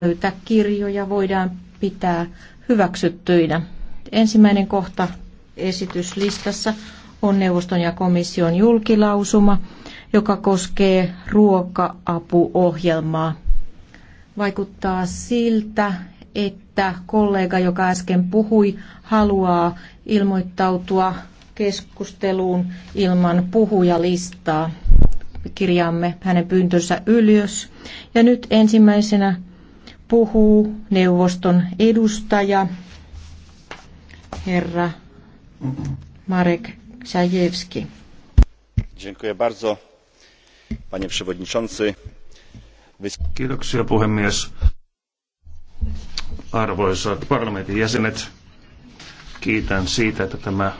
pöytäkirjoja voidaan pitää hyväksyttyinä. Ensimmäinen kohta esityslistassa on neuvoston ja komission julkilausuma, joka koskee ruoka-apuohjelmaa. Vaikuttaa siltä, että kollega, joka äsken puhui, haluaa ilmoittautua keskusteluun ilman puhujalistaa. Kirjaamme hänen pyyntönsä ylös. Ja nyt ensimmäisenä puhuu neuvoston edustaja, herra Marek Sajewski. Dziękuję bardzo, panie przewodniczący. Kiitoksia puhemies. Arvoisat parlamentin jäsenet, kiitän siitä, että tämä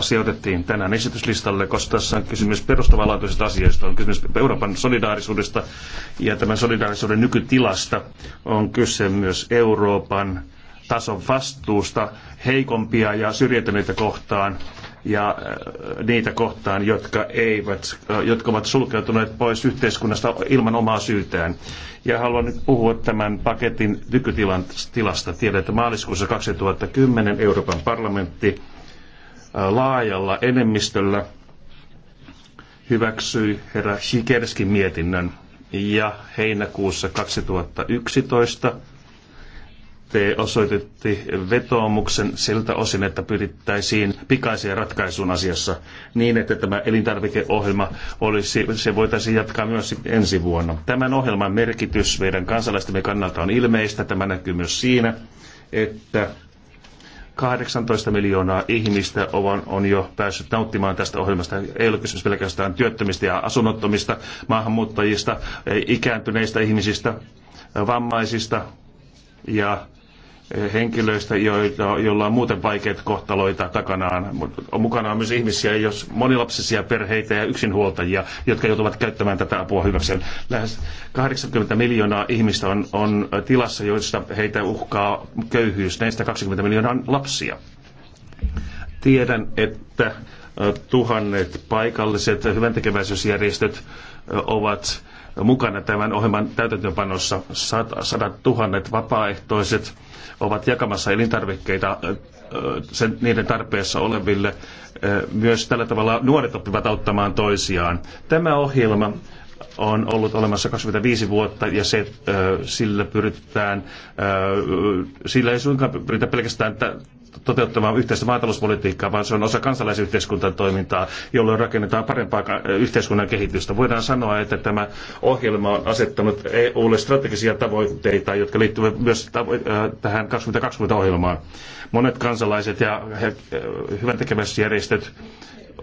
sijoitettiin tänään esityslistalle, koska tässä on kysymys perustavanlaatuisista asioista, on kysymys Euroopan solidaarisuudesta ja tämän solidaarisuuden nykytilasta on kyse myös Euroopan tason vastuusta heikompia ja syrjäytyneitä kohtaan ja niitä kohtaan, jotka, eivät, jotka ovat sulkeutuneet pois yhteiskunnasta ilman omaa syytään. Ja haluan nyt puhua tämän paketin nykytilasta. Tiedän, että maaliskuussa 2010 Euroopan parlamentti laajalla enemmistöllä hyväksyi herra Sikerskin mietinnön. Ja heinäkuussa 2011 te osoititte vetoomuksen siltä osin, että pyrittäisiin pikaiseen ratkaisuun asiassa niin, että tämä elintarvikeohjelma olisi, se voitaisiin jatkaa myös ensi vuonna. Tämän ohjelman merkitys meidän kansalaistemme kannalta on ilmeistä. Tämä näkyy myös siinä, että 18 miljoonaa ihmistä on, on jo päässyt nauttimaan tästä ohjelmasta. Ei ole kysymys pelkästään työttömistä ja asunnottomista, maahanmuuttajista, ikääntyneistä ihmisistä, vammaisista ja henkilöistä, joilla, joilla on muuten vaikeita kohtaloita takanaan. on mukana on myös ihmisiä, jos monilapsisia perheitä ja yksinhuoltajia, jotka joutuvat käyttämään tätä apua hyväkseen. Lähes 80 miljoonaa ihmistä on, on tilassa, joista heitä uhkaa köyhyys. Näistä 20 miljoonaa on lapsia. Tiedän, että tuhannet paikalliset hyväntekeväisyysjärjestöt ovat mukana tämän ohjelman täytäntöönpanossa. Sadat tuhannet vapaaehtoiset ovat jakamassa elintarvikkeita sen, niiden tarpeessa oleville. Myös tällä tavalla nuoret oppivat auttamaan toisiaan. Tämä ohjelma on ollut olemassa 25 vuotta ja se, sillä pyritään, sillä ei suinkaan pyritä pelkästään toteuttamaan yhteistä maatalouspolitiikkaa, vaan se on osa kansalaisyhteiskunnan toimintaa, jolloin rakennetaan parempaa yhteiskunnan kehitystä. Voidaan sanoa, että tämä ohjelma on asettanut EUlle strategisia tavoitteita, jotka liittyvät myös äh, tähän 2020-ohjelmaan. Monet kansalaiset ja äh, järjestöt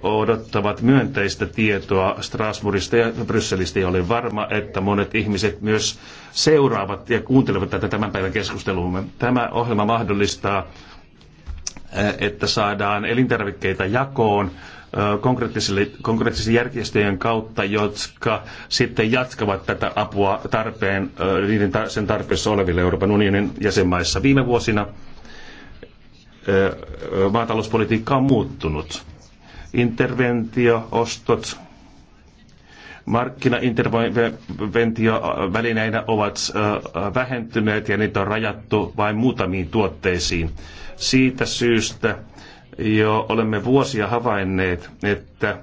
odottavat myönteistä tietoa Strasbourgista ja Brysselistä ja olen varma, että monet ihmiset myös seuraavat ja kuuntelevat tätä tämän päivän keskusteluumme. Tämä ohjelma mahdollistaa Eh, että saadaan elintarvikkeita jakoon eh, konkreettisten järjestöjen kautta, jotka sitten jatkavat tätä apua tarpeen, eh, niiden sen tarpeessa oleville Euroopan unionin jäsenmaissa. Viime vuosina maatalouspolitiikka on muuttunut. Interventio, ostot, Markkinainterventiovälineinä ovat vähentyneet ja niitä on rajattu vain muutamiin tuotteisiin. Siitä syystä jo olemme vuosia havainneet, että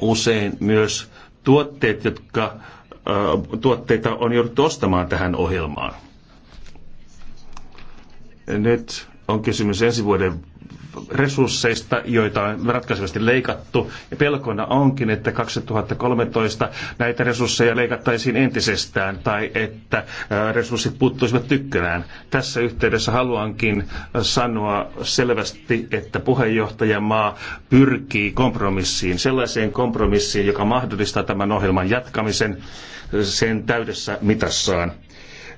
usein myös tuotteet, jotka, tuotteita on jouduttu ostamaan tähän ohjelmaan. Nyt on kysymys ensi vuoden resursseista, joita on ratkaisevasti leikattu. Ja pelkona onkin, että 2013 näitä resursseja leikattaisiin entisestään tai että resurssit puuttuisivat tykkönään. Tässä yhteydessä haluankin sanoa selvästi, että puheenjohtajamaa pyrkii kompromissiin, sellaiseen kompromissiin, joka mahdollistaa tämän ohjelman jatkamisen sen täydessä mitassaan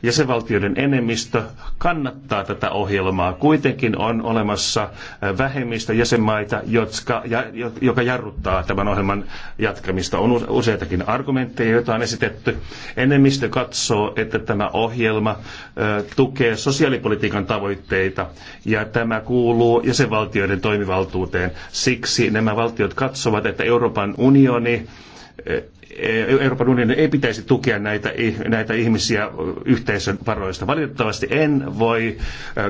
jäsenvaltioiden enemmistö kannattaa tätä ohjelmaa. Kuitenkin on olemassa äh, vähemmistä jäsenmaita, jotka, joka jarruttaa tämän ohjelman jatkamista. On useitakin argumentteja, joita on esitetty. Enemmistö katsoo, että tämä ohjelma äh, tukee sosiaalipolitiikan tavoitteita ja tämä kuuluu jäsenvaltioiden toimivaltuuteen. Siksi nämä valtiot katsovat, että Euroopan unioni äh, Euroopan unionin ei pitäisi tukea näitä, näitä ihmisiä yhteisön varoista. Valitettavasti en voi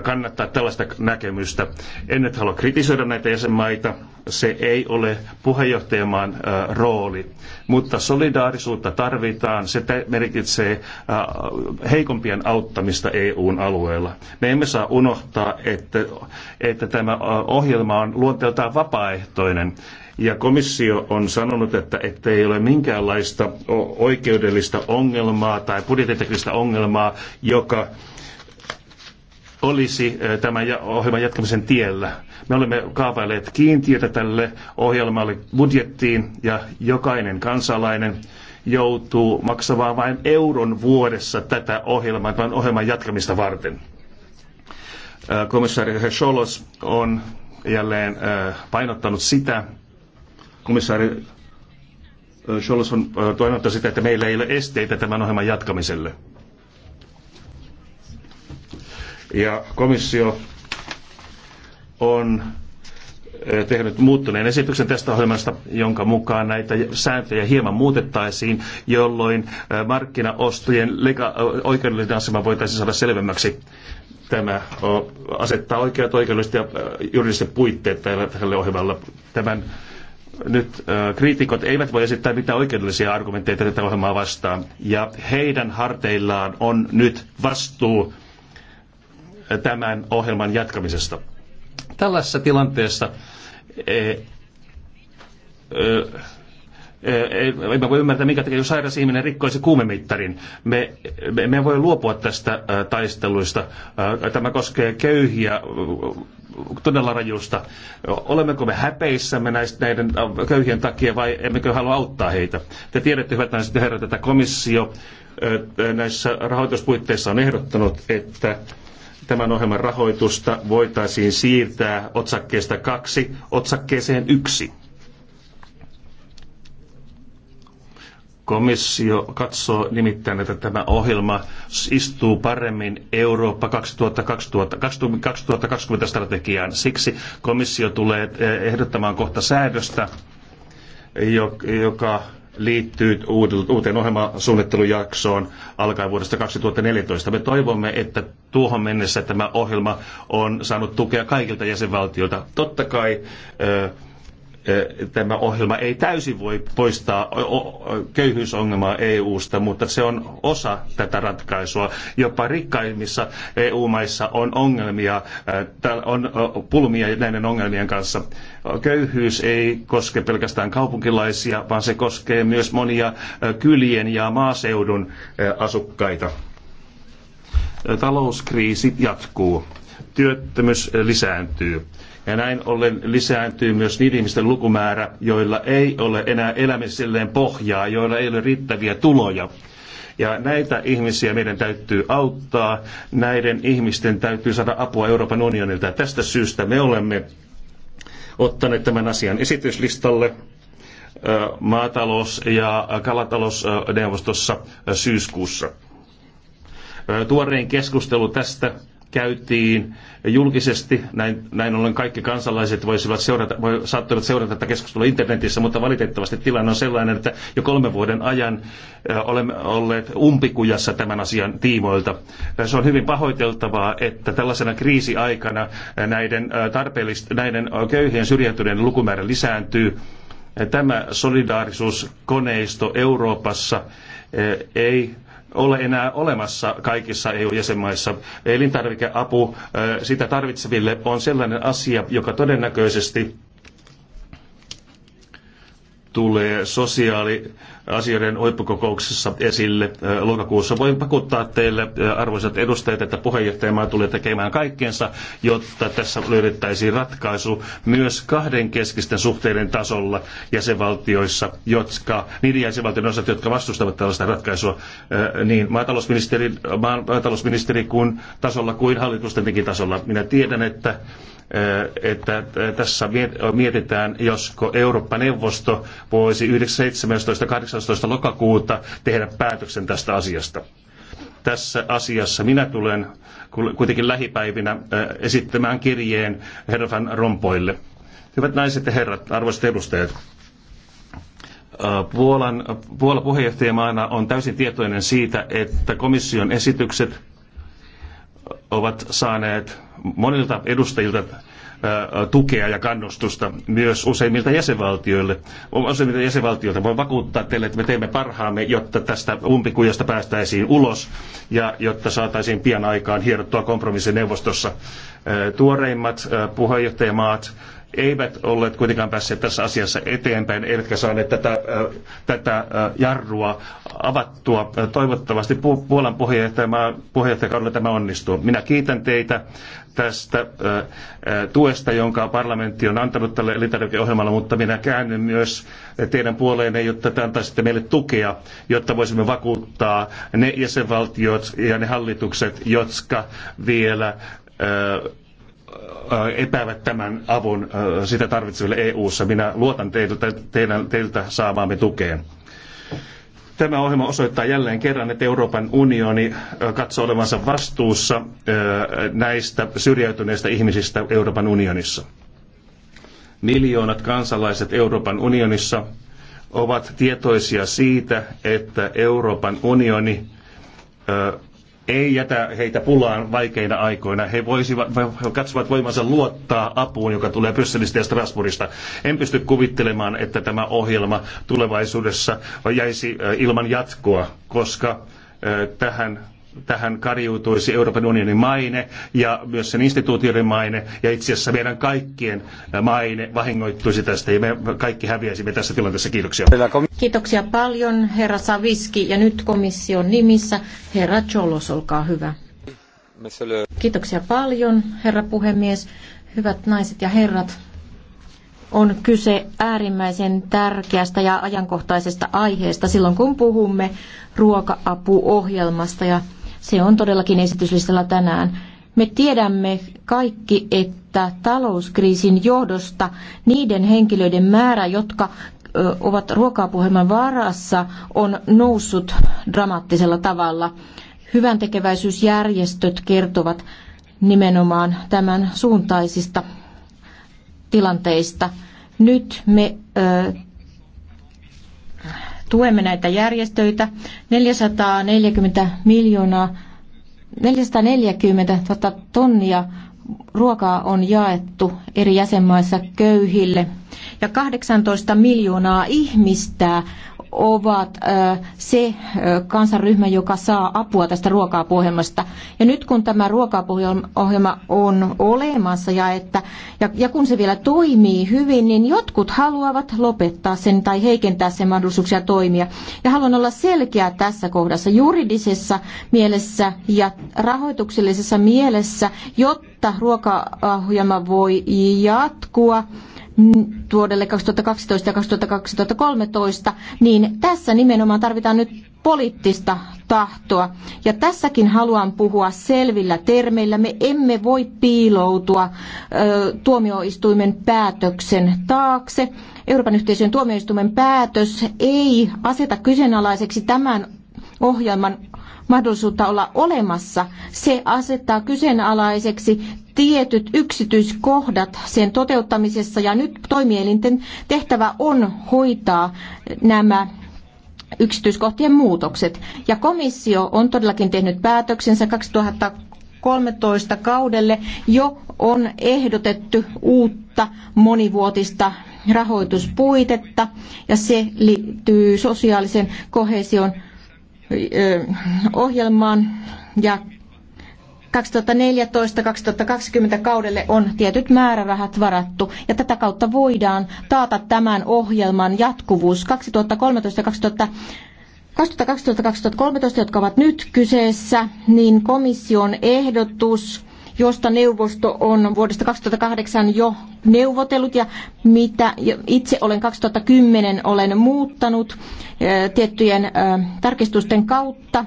kannattaa tällaista näkemystä. En nyt halua kritisoida näitä jäsenmaita. Se ei ole puheenjohtajamaan rooli. Mutta solidaarisuutta tarvitaan. Se merkitsee heikompien auttamista EUn alueella. Me emme saa unohtaa, että, että tämä ohjelma on luonteeltaan vapaaehtoinen ja komissio on sanonut, että ettei ole minkäänlaista oikeudellista ongelmaa tai budjettiteknistä ongelmaa, joka olisi eh, tämän ohjelman jatkamisen tiellä. Me olemme kaavailleet kiintiötä tälle ohjelmalle budjettiin ja jokainen kansalainen joutuu maksamaan vain euron vuodessa tätä ohjelmaa, tämän ohjelman jatkamista varten. Eh, komissaari Cholos on jälleen eh, painottanut sitä, komissaari Scholz on toivottu sitä, että meillä ei ole esteitä tämän ohjelman jatkamiselle. Ja komissio on tehnyt muuttuneen esityksen tästä ohjelmasta, jonka mukaan näitä sääntöjä hieman muutettaisiin, jolloin markkinaostojen lega- oikeudellinen asema voitaisiin saada selvemmäksi. Tämä asettaa oikeat oikeudelliset ja juridiset puitteet tälle ohjelmalle. Tämän nyt kriitikot eivät voi esittää mitään oikeudellisia argumentteja tätä ohjelmaa vastaan. Ja heidän harteillaan on nyt vastuu tämän ohjelman jatkamisesta. Tällaisessa tilanteessa e, emme voi ymmärtää, minkä takia sairas ihminen rikkoisi kuumemittarin. Me, me, me voi luopua tästä taisteluista. Tämä koskee köyhiä todella rajusta. Olemmeko me häpeissämme näistä, näiden köyhien takia vai emmekö halua auttaa heitä? Te tiedätte, hyvät naiset ja herrat, että komissio näissä rahoituspuitteissa on ehdottanut, että tämän ohjelman rahoitusta voitaisiin siirtää otsakkeesta kaksi otsakkeeseen yksi. Komissio katsoo nimittäin, että tämä ohjelma istuu paremmin Eurooppa 2020, 2020 strategiaan. Siksi komissio tulee eh, ehdottamaan kohta säädöstä, joka liittyy uuteen ohjelmasuunnittelujaksoon alkaen vuodesta 2014. Me toivomme, että tuohon mennessä tämä ohjelma on saanut tukea kaikilta jäsenvaltioilta. Totta kai eh, tämä ohjelma ei täysin voi poistaa köyhyysongelmaa EU-sta, mutta se on osa tätä ratkaisua. Jopa rikkaimmissa EU-maissa on ongelmia, on pulmia näiden ongelmien kanssa. Köyhyys ei koske pelkästään kaupunkilaisia, vaan se koskee myös monia kylien ja maaseudun asukkaita. Talouskriisi jatkuu. Työttömyys lisääntyy ja näin ollen lisääntyy myös niiden ihmisten lukumäärä, joilla ei ole enää elämiselleen pohjaa, joilla ei ole riittäviä tuloja. Ja näitä ihmisiä meidän täytyy auttaa, näiden ihmisten täytyy saada apua Euroopan unionilta. Ja tästä syystä me olemme ottaneet tämän asian esityslistalle maatalous- ja kalatalousneuvostossa syyskuussa. Tuorein keskustelu tästä käytiin julkisesti. Näin, näin ollen kaikki kansalaiset voisivat seurata, voi, saattoivat seurata tätä keskustelua internetissä, mutta valitettavasti tilanne on sellainen, että jo kolmen vuoden ajan äh, olemme olleet umpikujassa tämän asian tiimoilta. Äh, se on hyvin pahoiteltavaa, että tällaisena kriisiaikana äh, näiden, tarpeellist, näiden köyhien syrjäytyneiden lukumäärä lisääntyy. Tämä solidaarisuuskoneisto Euroopassa ei ole enää olemassa kaikissa EU-jäsenmaissa. Elintarvikeapu sitä tarvitseville on sellainen asia, joka todennäköisesti tulee sosiaali- asioiden huippukokouksessa esille lokakuussa. Voin pakuttaa teille, arvoisat edustajat, että puheenjohtajamaa tulee tekemään kaikkensa, jotta tässä löydettäisiin ratkaisu myös kahden keskisten suhteiden tasolla jäsenvaltioissa, jotka, niiden jäsenvaltioiden osat, jotka vastustavat tällaista ratkaisua, niin maatalousministeri, maatalousministeri kuin tasolla kuin hallitustenkin tasolla. Minä tiedän, että että tässä mietitään, josko Eurooppa-neuvosto voisi 17. 18. lokakuuta tehdä päätöksen tästä asiasta. Tässä asiassa minä tulen kuitenkin lähipäivinä esittämään kirjeen herra Van Rompoille. Hyvät naiset ja herrat, arvoisat edustajat, Puolan, Puola puheenjohtajamaana on täysin tietoinen siitä, että komission esitykset ovat saaneet monilta edustajilta tukea ja kannustusta myös useimmilta jäsenvaltioille. Useimmilta jäsenvaltioilta voin vakuuttaa teille, että me teemme parhaamme, jotta tästä umpikujasta päästäisiin ulos ja jotta saataisiin pian aikaan hierottua kompromissi neuvostossa. Tuoreimmat puheenjohtajamaat eivät olleet kuitenkaan päässeet tässä asiassa eteenpäin, eivätkä saaneet tätä, tätä jarrua avattua. Toivottavasti Puolan puheenjohtajakaudella tämä onnistuu. Minä kiitän teitä tästä tuesta, jonka parlamentti on antanut tälle elintarvikeohjelmalle, mutta minä käännyn myös teidän puoleenne, jotta te antaisitte meille tukea, jotta voisimme vakuuttaa ne jäsenvaltiot ja ne hallitukset, jotka vielä epäävät tämän avun sitä tarvitseville EU-ssa. Minä luotan teiltä, teidän, teiltä saamaamme tukeen. Tämä ohjelma osoittaa jälleen kerran, että Euroopan unioni katsoo olevansa vastuussa näistä syrjäytyneistä ihmisistä Euroopan unionissa. Miljoonat kansalaiset Euroopan unionissa ovat tietoisia siitä, että Euroopan unioni ei jätä heitä pulaan vaikeina aikoina. He, voisivat, he katsovat voimansa luottaa apuun, joka tulee Brysselistä ja Strasbourgista. En pysty kuvittelemaan, että tämä ohjelma tulevaisuudessa jäisi äh, ilman jatkoa, koska äh, tähän tähän kariutuisi Euroopan unionin maine ja myös sen instituutioiden maine ja itse asiassa meidän kaikkien maine vahingoittuisi tästä ja me kaikki häviäisimme tässä tilanteessa. Kiitoksia. Kiitoksia paljon herra Saviski ja nyt komission nimissä herra Cholos, olkaa hyvä. Kiitoksia paljon herra puhemies. Hyvät naiset ja herrat, on kyse äärimmäisen tärkeästä ja ajankohtaisesta aiheesta silloin, kun puhumme ruoka-apuohjelmasta ja se on todellakin esityslistalla tänään. Me tiedämme kaikki, että talouskriisin johdosta niiden henkilöiden määrä, jotka ovat ruokapuhelman varassa, on noussut dramaattisella tavalla. Hyvän tekeväisyysjärjestöt kertovat nimenomaan tämän suuntaisista tilanteista. Nyt me tuemme näitä järjestöitä. 440 miljoonaa, 440 000 tuota tonnia ruokaa on jaettu eri jäsenmaissa köyhille ja 18 miljoonaa ihmistä ovat se kansanryhmä, joka saa apua tästä ruokapuohjelmasta. Ja nyt kun tämä ruokapuohjelma on olemassa ja, että, ja, ja kun se vielä toimii hyvin, niin jotkut haluavat lopettaa sen tai heikentää sen mahdollisuuksia toimia. Ja haluan olla selkeä tässä kohdassa juridisessa mielessä ja rahoituksellisessa mielessä, jotta ruokaohjelma voi jatkua vuodelle 2012 ja 2013, niin tässä nimenomaan tarvitaan nyt poliittista tahtoa. Ja tässäkin haluan puhua selvillä termeillä. Me emme voi piiloutua ö, tuomioistuimen päätöksen taakse. Euroopan yhteisön tuomioistuimen päätös ei aseta kyseenalaiseksi tämän ohjelman mahdollisuutta olla olemassa, se asettaa kyseenalaiseksi tietyt yksityiskohdat sen toteuttamisessa ja nyt toimielinten tehtävä on hoitaa nämä yksityiskohtien muutokset. Ja komissio on todellakin tehnyt päätöksensä 2013 kaudelle jo on ehdotettu uutta monivuotista rahoituspuitetta ja se liittyy sosiaalisen kohesion ohjelmaan ja 2014-2020 kaudelle on tietyt määrärahat varattu ja tätä kautta voidaan taata tämän ohjelman jatkuvuus 2013 2013 jotka ovat nyt kyseessä, niin komission ehdotus josta neuvosto on vuodesta 2008 jo neuvotellut ja mitä itse olen 2010 olen muuttanut eh, tiettyjen eh, tarkistusten kautta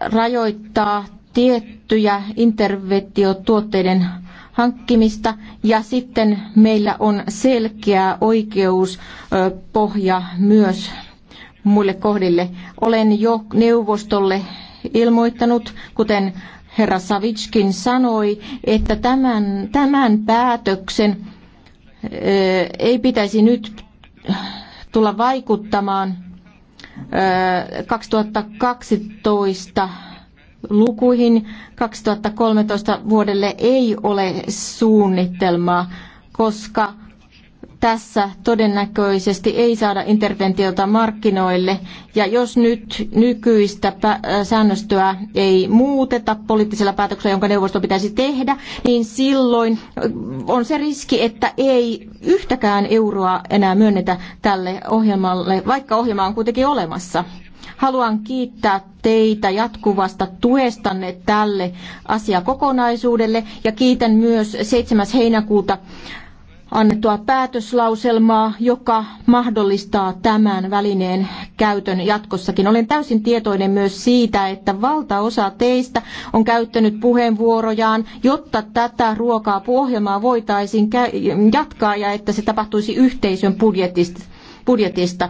rajoittaa tiettyjä interventiotuotteiden hankkimista ja sitten meillä on selkeä oikeuspohja eh, myös muille kohdille. Olen jo neuvostolle ilmoittanut, kuten herra Savitskin sanoi, että tämän, tämän päätöksen eh, ei pitäisi nyt tulla vaikuttamaan 2012 eh, lukuihin. 2013 vuodelle ei ole suunnitelmaa, koska tässä todennäköisesti ei saada interventiota markkinoille. Ja jos nyt nykyistä äh, säännöstöä ei muuteta poliittisella päätöksellä, jonka neuvosto pitäisi tehdä, niin silloin äh, on se riski, että ei yhtäkään euroa enää myönnetä tälle ohjelmalle, vaikka ohjelma on kuitenkin olemassa. Haluan kiittää teitä jatkuvasta tuestanne tälle asiakokonaisuudelle ja kiitän myös 7. heinäkuuta annettua päätöslauselmaa, joka mahdollistaa tämän välineen käytön jatkossakin. Olen täysin tietoinen myös siitä, että valtaosa teistä on käyttänyt puheenvuorojaan, jotta tätä ruokaa ohjelmaa voitaisiin jatkaa ja että se tapahtuisi yhteisön budjetista.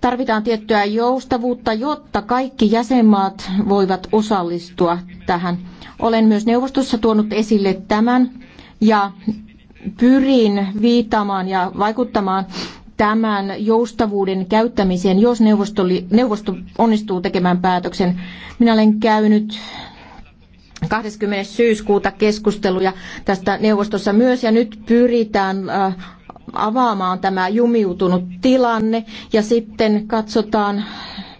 Tarvitaan tiettyä joustavuutta, jotta kaikki jäsenmaat voivat osallistua tähän. Olen myös neuvostossa tuonut esille tämän ja pyrin viitamaan ja vaikuttamaan tämän joustavuuden käyttämiseen, jos neuvosto, neuvosto onnistuu tekemään päätöksen. Minä olen käynyt 20. syyskuuta keskusteluja tästä neuvostossa myös ja nyt pyritään äh, avaamaan tämä jumiutunut tilanne ja sitten katsotaan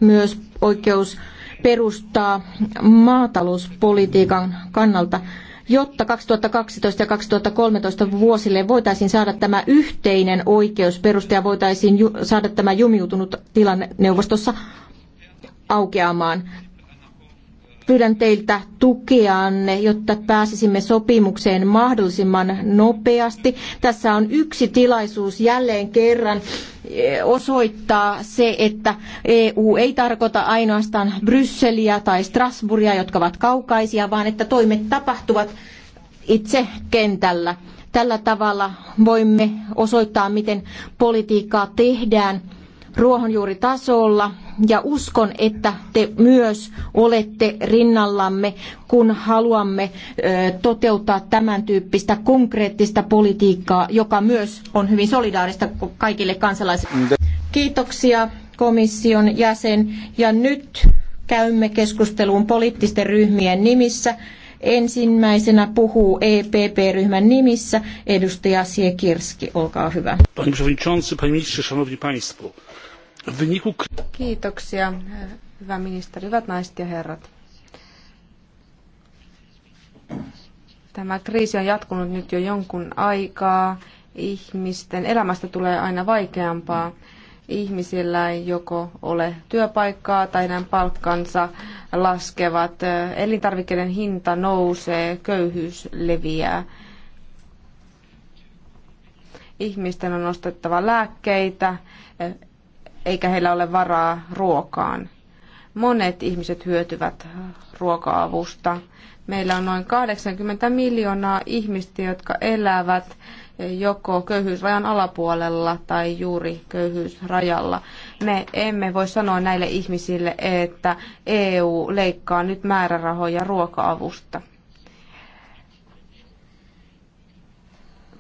myös oikeus perustaa maatalouspolitiikan kannalta jotta 2012 ja 2013 vuosille voitaisiin saada tämä yhteinen oikeusperuste ja voitaisiin saada tämä jumiutunut tilanne neuvostossa aukeamaan. Pyydän teiltä tukeanne, jotta pääsisimme sopimukseen mahdollisimman nopeasti. Tässä on yksi tilaisuus jälleen kerran eh, osoittaa se, että EU ei tarkoita ainoastaan Brysseliä tai Strasburgia, jotka ovat kaukaisia, vaan että toimet tapahtuvat itse kentällä. Tällä tavalla voimme osoittaa, miten politiikkaa tehdään ruohonjuuritasolla ja uskon, että te myös olette rinnallamme, kun haluamme toteuttaa tämän tyyppistä konkreettista politiikkaa, joka myös on hyvin solidaarista kaikille kansalaisille. Kiitoksia komission jäsen ja nyt käymme keskusteluun poliittisten ryhmien nimissä. Ensimmäisenä puhuu EPP-ryhmän nimissä edustaja Siekirski, olkaa hyvä. Panie przewodniczący, panie ministrze, szanowni państwo. Kiitoksia, hyvä ministeri, hyvät naiset ja herrat. Tämä kriisi on jatkunut nyt jo jonkun aikaa. Ihmisten elämästä tulee aina vaikeampaa. Ihmisillä ei joko ole työpaikkaa tai heidän palkkansa laskevat. Elintarvikkeiden hinta nousee, köyhyys leviää ihmisten on ostettava lääkkeitä, eikä heillä ole varaa ruokaan. Monet ihmiset hyötyvät ruoka-avusta. Meillä on noin 80 miljoonaa ihmistä, jotka elävät joko köyhyysrajan alapuolella tai juuri köyhyysrajalla. Me emme voi sanoa näille ihmisille, että EU leikkaa nyt määrärahoja ruoka-avusta.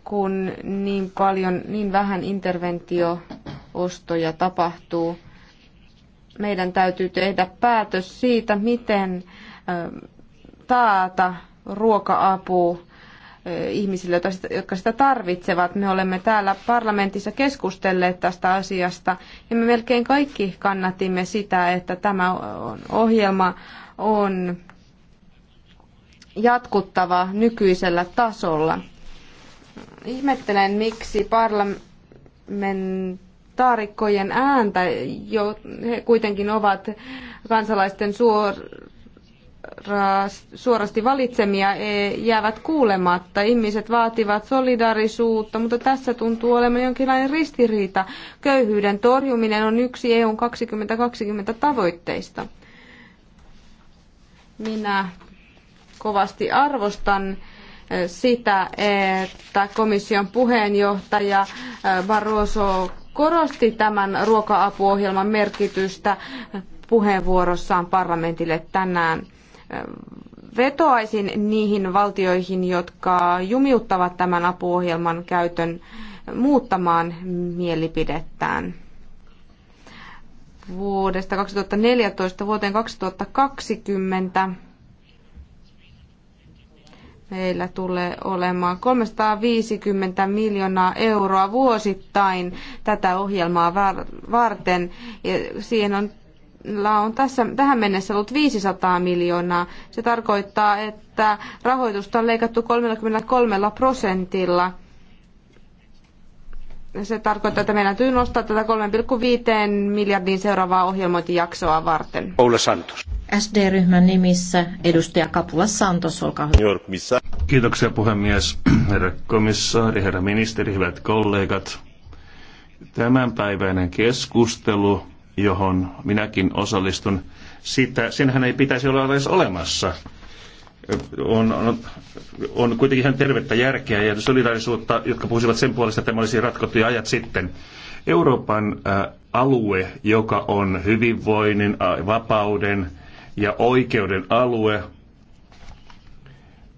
kun niin paljon, niin vähän interventioostoja tapahtuu, meidän täytyy tehdä päätös siitä, miten taata ruoka-apu ihmisille, jotka sitä tarvitsevat. Me olemme täällä parlamentissa keskustelleet tästä asiasta ja me melkein kaikki kannatimme sitä, että tämä ohjelma on jatkuttava nykyisellä tasolla. Ihmettelen, miksi parlamentaarikkojen ääntä, jo, he kuitenkin ovat kansalaisten suor, suorasti valitsemia e- jäävät kuulematta. Ihmiset vaativat solidarisuutta, mutta tässä tuntuu olevan jonkinlainen ristiriita. Köyhyyden torjuminen on yksi EUn 2020 tavoitteista. Minä kovasti arvostan sitä, että komission puheenjohtaja äh, Barroso korosti tämän ruoka-apuohjelman merkitystä puheenvuorossaan parlamentille tänään. Äh, vetoaisin niihin valtioihin, jotka jumiuttavat tämän apuohjelman käytön muuttamaan mielipidettään vuodesta 2014 vuoteen 2020 meillä tulee olemaan 350 miljoonaa euroa vuosittain tätä ohjelmaa varten. Ja siihen on, on tässä, tähän mennessä ollut 500 miljoonaa. Se tarkoittaa, että rahoitusta on leikattu 33 prosentilla – se tarkoittaa, että meidän täytyy nostaa tätä 3,5 miljardin seuraavaa ohjelmointijaksoa varten. Paula Santos. SD-ryhmän nimissä edustaja Kapula Santos, olkaa hyvä. Kiitoksia puhemies, herra komissaari, herra ministeri, hyvät kollegat. Tämänpäiväinen keskustelu, johon minäkin osallistun, sitä, senhän ei pitäisi olla edes olemassa on, on, on kuitenkin ihan tervettä järkeä ja solidaarisuutta, jotka puhuisivat sen puolesta, että tämä olisi ratkottu jo ajat sitten. Euroopan äh, alue, joka on hyvinvoinnin, äh, vapauden ja oikeuden alue,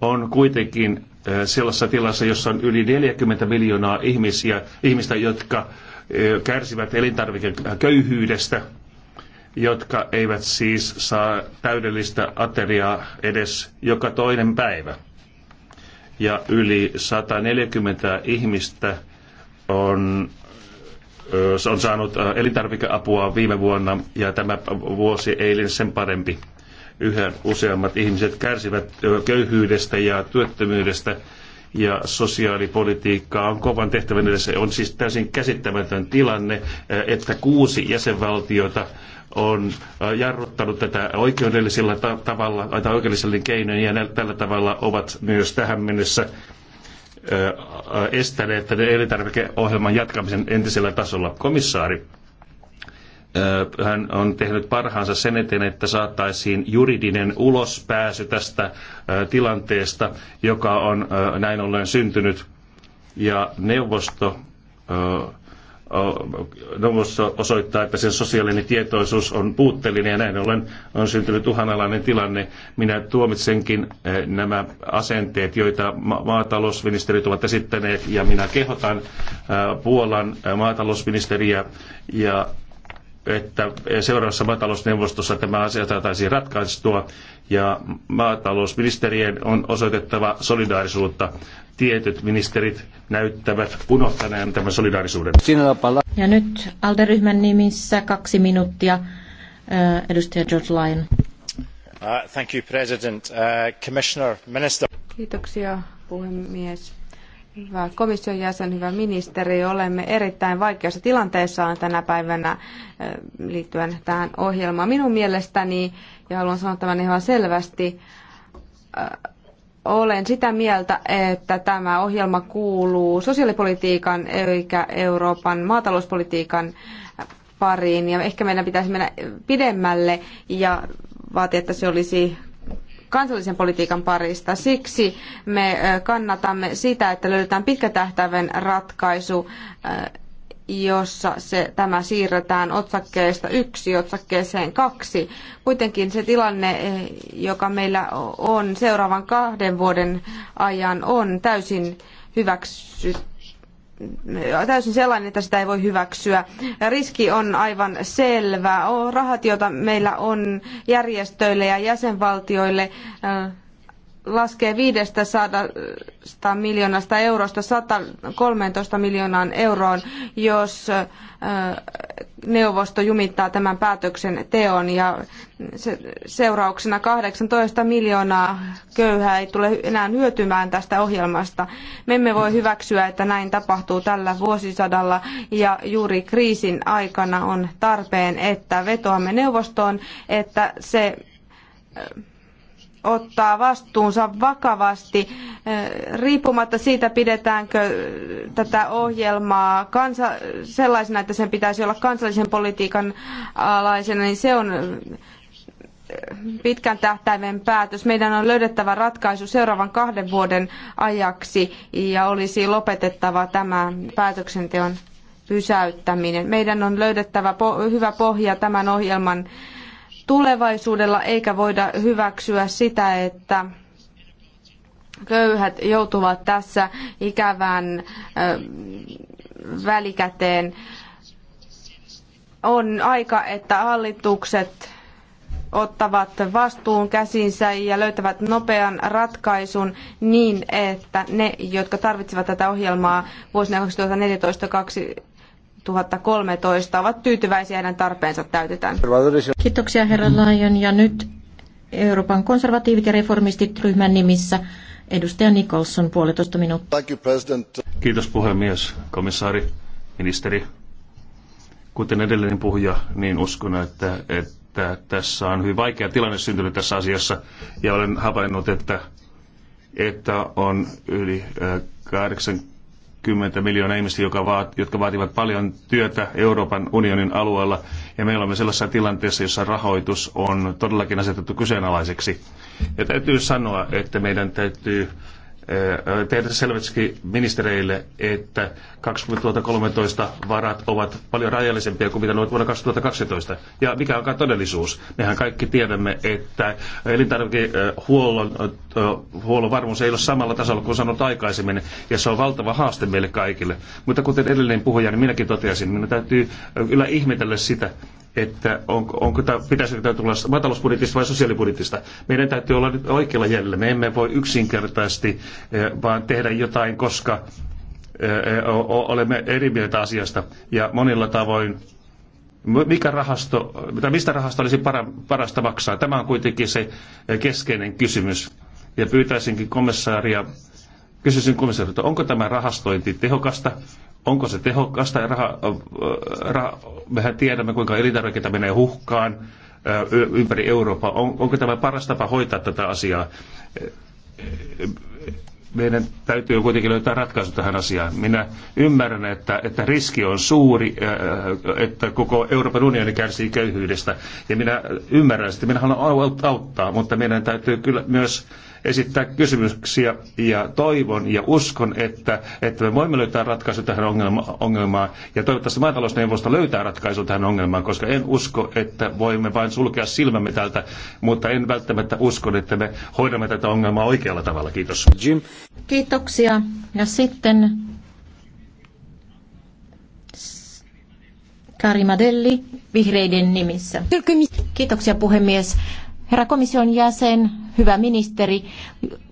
on kuitenkin ä, äh, sellaisessa tilassa, jossa on yli 40 miljoonaa ihmisiä, ihmistä, jotka ä, kärsivät elintarvikeköyhyydestä – jotka eivät siis saa täydellistä ateriaa edes joka toinen päivä. Ja yli 140 ihmistä on, on saanut elintarvikeapua viime vuonna ja tämä vuosi eilen sen parempi. Yhä useammat ihmiset kärsivät köyhyydestä ja työttömyydestä ja sosiaalipolitiikka on kovan tehtävän edessä. On siis täysin käsittämätön tilanne, että kuusi jäsenvaltiota on jarruttanut tätä oikeudellisella tavalla tai oikeudellisella keinoin ja tällä tavalla ovat myös tähän mennessä estäneet tämän elintarvikeohjelman jatkamisen entisellä tasolla. Komissaari, hän on tehnyt parhaansa sen eteen, että saataisiin juridinen ulospääsy tästä tilanteesta, joka on näin ollen syntynyt. Ja neuvosto Novossa osoittaa, että sen sosiaalinen tietoisuus on puutteellinen ja näin ollen on syntynyt uhanalainen tilanne. Minä tuomitsenkin eh, nämä asenteet, joita maatalousministerit ovat esittäneet ja minä kehotan eh, Puolan eh, maatalousministeriä ja että seuraavassa maatalousneuvostossa tämä asia saataisiin ratkaistua ja maatalousministerien on osoitettava solidaarisuutta. Tietyt ministerit näyttävät unohtaneen tämän solidaarisuuden. Ja nyt Alderyhmän nimissä kaksi minuuttia. Edustaja George Lyon. Uh, thank you, President. Uh, Commissioner, Minister. Kiitoksia, puhemies Hyvä komission jäsen, hyvä ministeri, olemme erittäin vaikeassa tilanteessa tänä päivänä eh, liittyen tähän ohjelmaan. Minun mielestäni, ja haluan sanoa tämän ihan selvästi, eh, olen sitä mieltä, että tämä ohjelma kuuluu sosiaalipolitiikan eikä Euroopan maatalouspolitiikan pariin. Ja ehkä meidän pitäisi mennä pidemmälle ja vaatia, että se olisi kansallisen politiikan parista. Siksi me kannatamme sitä, että löydetään pitkätähtäimen ratkaisu, jossa se, tämä siirretään otsakkeesta yksi otsakkeeseen kaksi. Kuitenkin se tilanne, joka meillä on seuraavan kahden vuoden ajan, on täysin hyväksytty täysin sellainen, että sitä ei voi hyväksyä. Riski on aivan selvä. Rahat, joita meillä on järjestöille ja jäsenvaltioille, äh, laskee 500 miljoonasta eurosta 113 miljoonaan euroon, jos neuvosto jumittaa tämän päätöksen teon ja seurauksena 18 miljoonaa köyhää ei tule enää hyötymään tästä ohjelmasta. Me emme voi hyväksyä, että näin tapahtuu tällä vuosisadalla ja juuri kriisin aikana on tarpeen, että vetoamme neuvostoon, että se ottaa vastuunsa vakavasti, eh, riippumatta siitä, pidetäänkö tätä ohjelmaa kansa- sellaisena, että sen pitäisi olla kansallisen politiikan alaisena, niin se on eh, pitkän tähtäimen päätös. Meidän on löydettävä ratkaisu seuraavan kahden vuoden ajaksi ja olisi lopetettava tämä päätöksenteon pysäyttäminen. Meidän on löydettävä hyvä pohja tämän ohjelman tulevaisuudella, eikä voida hyväksyä sitä, että köyhät joutuvat tässä ikävään välikäteen. On aika, että hallitukset ottavat vastuun käsinsä ja löytävät nopean ratkaisun niin, että ne, jotka tarvitsevat tätä ohjelmaa vuosina 2014-2020, 2013 ovat tyytyväisiä heidän tarpeensa täytetään. Kiitoksia herra Laajon ja nyt Euroopan konservatiivit ja reformistit ryhmän nimissä edustaja Nicholson puolitoista minuuttia. Kiitos puhemies, komissaari, ministeri. Kuten edellinen puhuja, niin uskon, että, että tässä on hyvin vaikea tilanne syntynyt tässä asiassa ja olen havainnut, että, että on yli 80 äh, kymmentä miljoonaa ihmistä, joka vaat, jotka vaativat paljon työtä Euroopan unionin alueella. Ja me olemme sellaisessa tilanteessa, jossa rahoitus on todellakin asetettu kyseenalaiseksi. Ja täytyy sanoa, että meidän täytyy tehdä selväksi ministereille, että 2013 varat ovat paljon rajallisempia kuin mitä ne olivat vuonna 2012. Ja mikä onkaan todellisuus? Mehän kaikki tiedämme, että elintarvikehuollon huollon varmuus ei ole samalla tasolla kuin sanot aikaisemmin, ja se on valtava haaste meille kaikille. Mutta kuten edellinen puhuja, niin minäkin totesin, minun täytyy kyllä ihmetellä sitä, että onko, onko tämä, pitäisikö tämä tulla maatalousbudjetista vai sosiaalibudjetista. Meidän täytyy olla nyt oikealla jäljellä. Me emme voi yksinkertaisesti eh, vaan tehdä jotain, koska eh, eh, olemme eri mieltä asiasta ja monilla tavoin mikä rahasto, tai mistä rahasta olisi para, parasta maksaa? Tämä on kuitenkin se keskeinen kysymys. Ja pyytäisinkin komissaaria, kysyisin komissaarilta, onko tämä rahastointi tehokasta Onko se tehokasta? Raha, raha, mehän tiedämme, kuinka elintarvikkeita menee hukkaan ympäri Eurooppaa. On, onko tämä paras tapa hoitaa tätä asiaa? meidän täytyy kuitenkin löytää ratkaisu tähän asiaan. Minä ymmärrän, että, että riski on suuri, että koko Euroopan unioni kärsii köyhyydestä. Ja minä ymmärrän sitä, minä haluan auttaa, mutta meidän täytyy kyllä myös esittää kysymyksiä ja toivon ja uskon, että, että me voimme löytää ratkaisu tähän ongelma, ongelmaan ja toivottavasti maatalousneuvosto löytää ratkaisu tähän ongelmaan, koska en usko, että voimme vain sulkea silmämme tältä, mutta en välttämättä usko, että me hoidamme tätä ongelmaa oikealla tavalla. Kiitos. Jim. Kiitoksia. Ja sitten Karimadelli vihreiden nimissä. Kiitoksia puhemies. Herra komission jäsen, hyvä ministeri,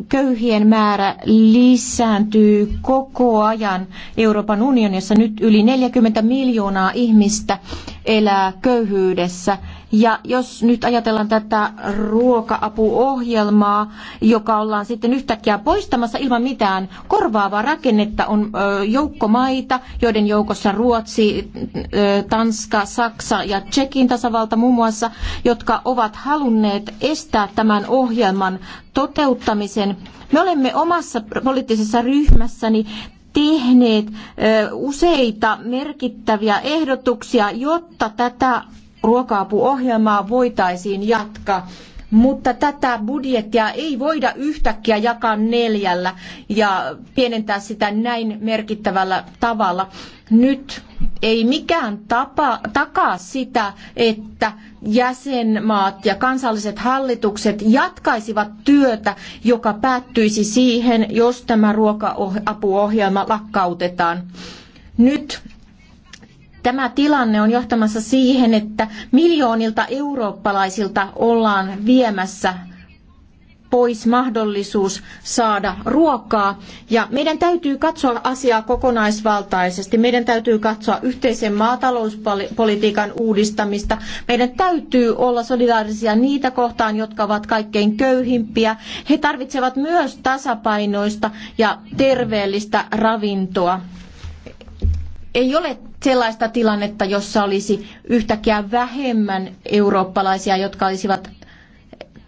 köyhien määrä lisääntyy koko ajan Euroopan unionissa. Nyt yli 40 miljoonaa ihmistä elää köyhyydessä ja jos nyt ajatellaan tätä ruoka-apuohjelmaa, joka ollaan sitten yhtäkkiä poistamassa ilman mitään korvaavaa rakennetta, on joukko maita, joiden joukossa Ruotsi, Tanska, Saksa ja Tsekin tasavalta muun muassa, jotka ovat halunneet estää tämän ohjelman toteuttamisen. Me olemme omassa poliittisessa ryhmässäni tehneet useita merkittäviä ehdotuksia, jotta tätä ruoka-apuohjelmaa voitaisiin jatkaa mutta tätä budjettia ei voida yhtäkkiä jakaa neljällä ja pienentää sitä näin merkittävällä tavalla. Nyt ei mikään tapa, takaa sitä, että jäsenmaat ja kansalliset hallitukset jatkaisivat työtä, joka päättyisi siihen, jos tämä ruoka-apuohjelma lakkautetaan. Nyt Tämä tilanne on johtamassa siihen, että miljoonilta eurooppalaisilta ollaan viemässä pois mahdollisuus saada ruokaa. Ja meidän täytyy katsoa asiaa kokonaisvaltaisesti. Meidän täytyy katsoa yhteisen maatalouspolitiikan uudistamista. Meidän täytyy olla solidaarisia niitä kohtaan, jotka ovat kaikkein köyhimpiä. He tarvitsevat myös tasapainoista ja terveellistä ravintoa ei ole sellaista tilannetta, jossa olisi yhtäkkiä vähemmän eurooppalaisia, jotka olisivat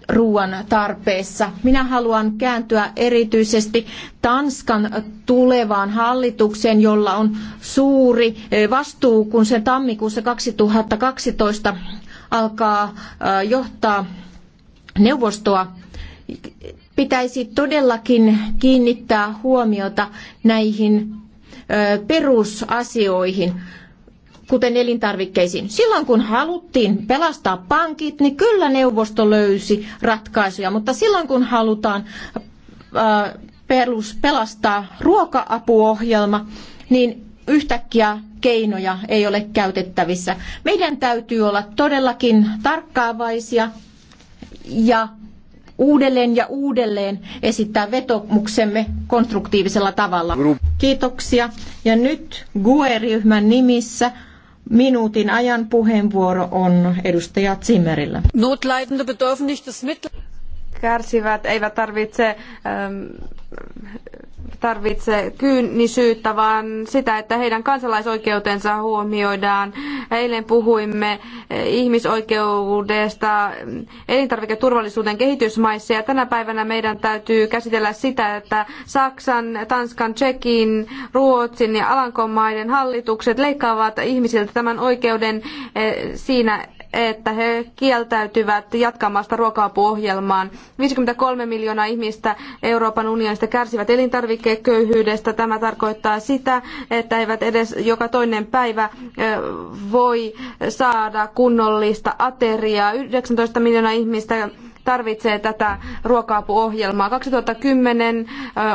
ruoan tarpeessa. Minä haluan kääntyä erityisesti Tanskan tulevaan hallitukseen, jolla on suuri e, vastuu, kun se tammikuussa 2012 alkaa e, johtaa neuvostoa. Pitäisi todellakin kiinnittää huomiota näihin perusasioihin kuten elintarvikkeisiin. Silloin kun haluttiin pelastaa pankit, niin kyllä neuvosto löysi ratkaisuja, mutta silloin kun halutaan perus, pelastaa ruoka-apuohjelma, niin yhtäkkiä keinoja ei ole käytettävissä. Meidän täytyy olla todellakin tarkkaavaisia ja uudelleen ja uudelleen esittää vetomuksemme konstruktiivisella tavalla. Kiitoksia. Ja nyt GUE-ryhmän nimissä minuutin ajan puheenvuoro on edustaja Zimmerillä kärsivät eivät tarvitse ähm, tarvitse kyynisyyttä, vaan sitä, että heidän kansalaisoikeutensa huomioidaan. Eilen puhuimme ihmisoikeudesta elintarviketurvallisuuden kehitysmaissa ja tänä päivänä meidän täytyy käsitellä sitä, että Saksan, Tanskan, Tsekin, Ruotsin ja Alankomaiden hallitukset leikkaavat ihmisiltä tämän oikeuden eh, siinä että he kieltäytyvät jatkamasta ruoka-apuohjelmaan. 53 miljoonaa ihmistä Euroopan unionista kärsivät elintarvikeköyhyydestä. Tämä tarkoittaa sitä, että eivät edes joka toinen päivä voi saada kunnollista ateriaa. 19 miljoonaa ihmistä tarvitsee tätä ruoka-apuohjelmaa. 2010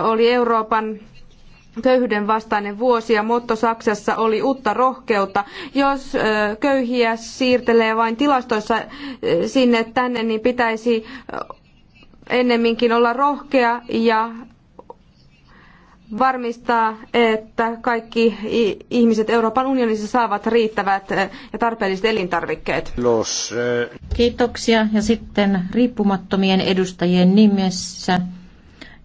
oli Euroopan köyhyyden vastainen vuosi ja motto Saksassa oli uutta rohkeutta. Jos köyhiä siirtelee vain tilastoissa sinne tänne, niin pitäisi ennemminkin olla rohkea ja varmistaa, että kaikki ihmiset Euroopan unionissa saavat riittävät ja tarpeelliset elintarvikkeet. Kiitoksia. Ja sitten riippumattomien edustajien nimessä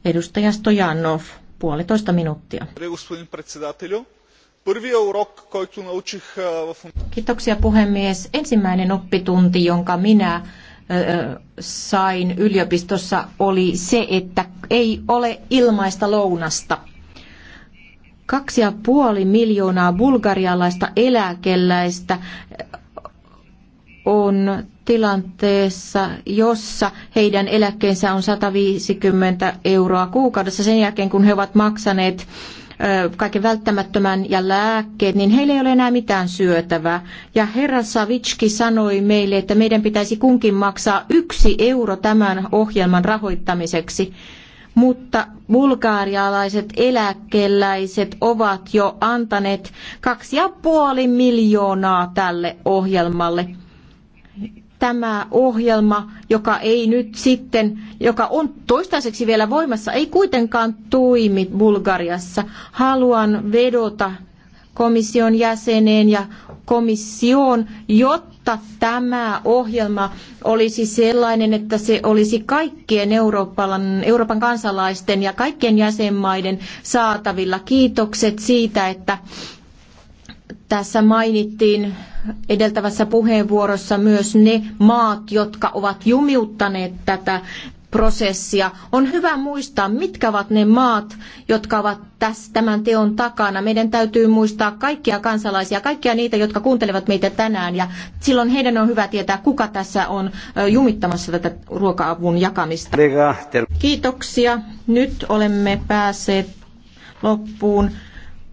edustaja Stojanov puolitoista minuuttia. Kiitoksia puhemies. Ensimmäinen oppitunti, jonka minä sain yliopistossa, oli se, että ei ole ilmaista lounasta. Kaksi ja puoli miljoonaa bulgarialaista eläkeläistä on tilanteessa, jossa heidän eläkkeensä on 150 euroa kuukaudessa sen jälkeen, kun he ovat maksaneet kaiken välttämättömän ja lääkkeet, niin heillä ei ole enää mitään syötävää. Ja herra Savitski sanoi meille, että meidän pitäisi kunkin maksaa yksi euro tämän ohjelman rahoittamiseksi. Mutta bulgaarialaiset eläkeläiset ovat jo antaneet kaksi ja puoli miljoonaa tälle ohjelmalle tämä ohjelma, joka ei nyt sitten, joka on toistaiseksi vielä voimassa, ei kuitenkaan toimi Bulgariassa. Haluan vedota komission jäseneen ja komissioon, jotta tämä ohjelma olisi sellainen, että se olisi kaikkien Euroopan, Euroopan kansalaisten ja kaikkien jäsenmaiden saatavilla. Kiitokset siitä, että tässä mainittiin edeltävässä puheenvuorossa myös ne maat, jotka ovat jumiuttaneet tätä prosessia. On hyvä muistaa, mitkä ovat ne maat, jotka ovat tässä, tämän teon takana. Meidän täytyy muistaa kaikkia kansalaisia, kaikkia niitä, jotka kuuntelevat meitä tänään. Ja silloin heidän on hyvä tietää, kuka tässä on jumittamassa tätä ruoka-avun jakamista. Kiitoksia. Nyt olemme päässeet loppuun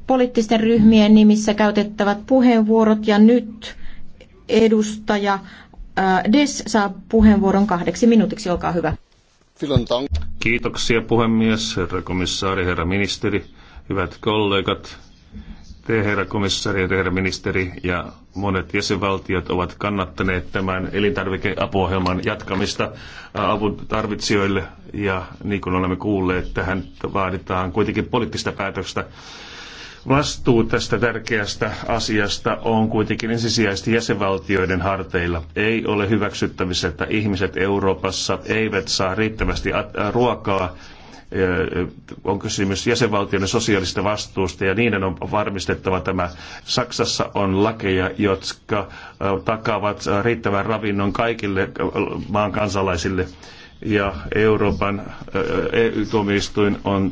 poliittisten ryhmien nimissä käytettävät puheenvuorot ja nyt edustaja äh, Des saa puheenvuoron kahdeksi minuutiksi, olkaa hyvä. Kiitoksia puhemies, herra komissaari, herra ministeri, hyvät kollegat. Te, herra komissaari herra ministeri ja monet jäsenvaltiot ovat kannattaneet tämän elintarvikeapuohjelman jatkamista avun tarvitsijoille ja niin kuin olemme kuulleet, tähän vaaditaan kuitenkin poliittista päätöstä Vastuu tästä tärkeästä asiasta on kuitenkin ensisijaisesti jäsenvaltioiden harteilla. Ei ole hyväksyttävissä, että ihmiset Euroopassa eivät saa riittävästi äh, ruokaa äh, on kysymys jäsenvaltioiden sosiaalista vastuusta ja niiden on varmistettava tämä. Saksassa on lakeja, jotka äh, takaavat riittävän ravinnon kaikille maan kansalaisille. Ja Euroopan EU-tuomioistuin on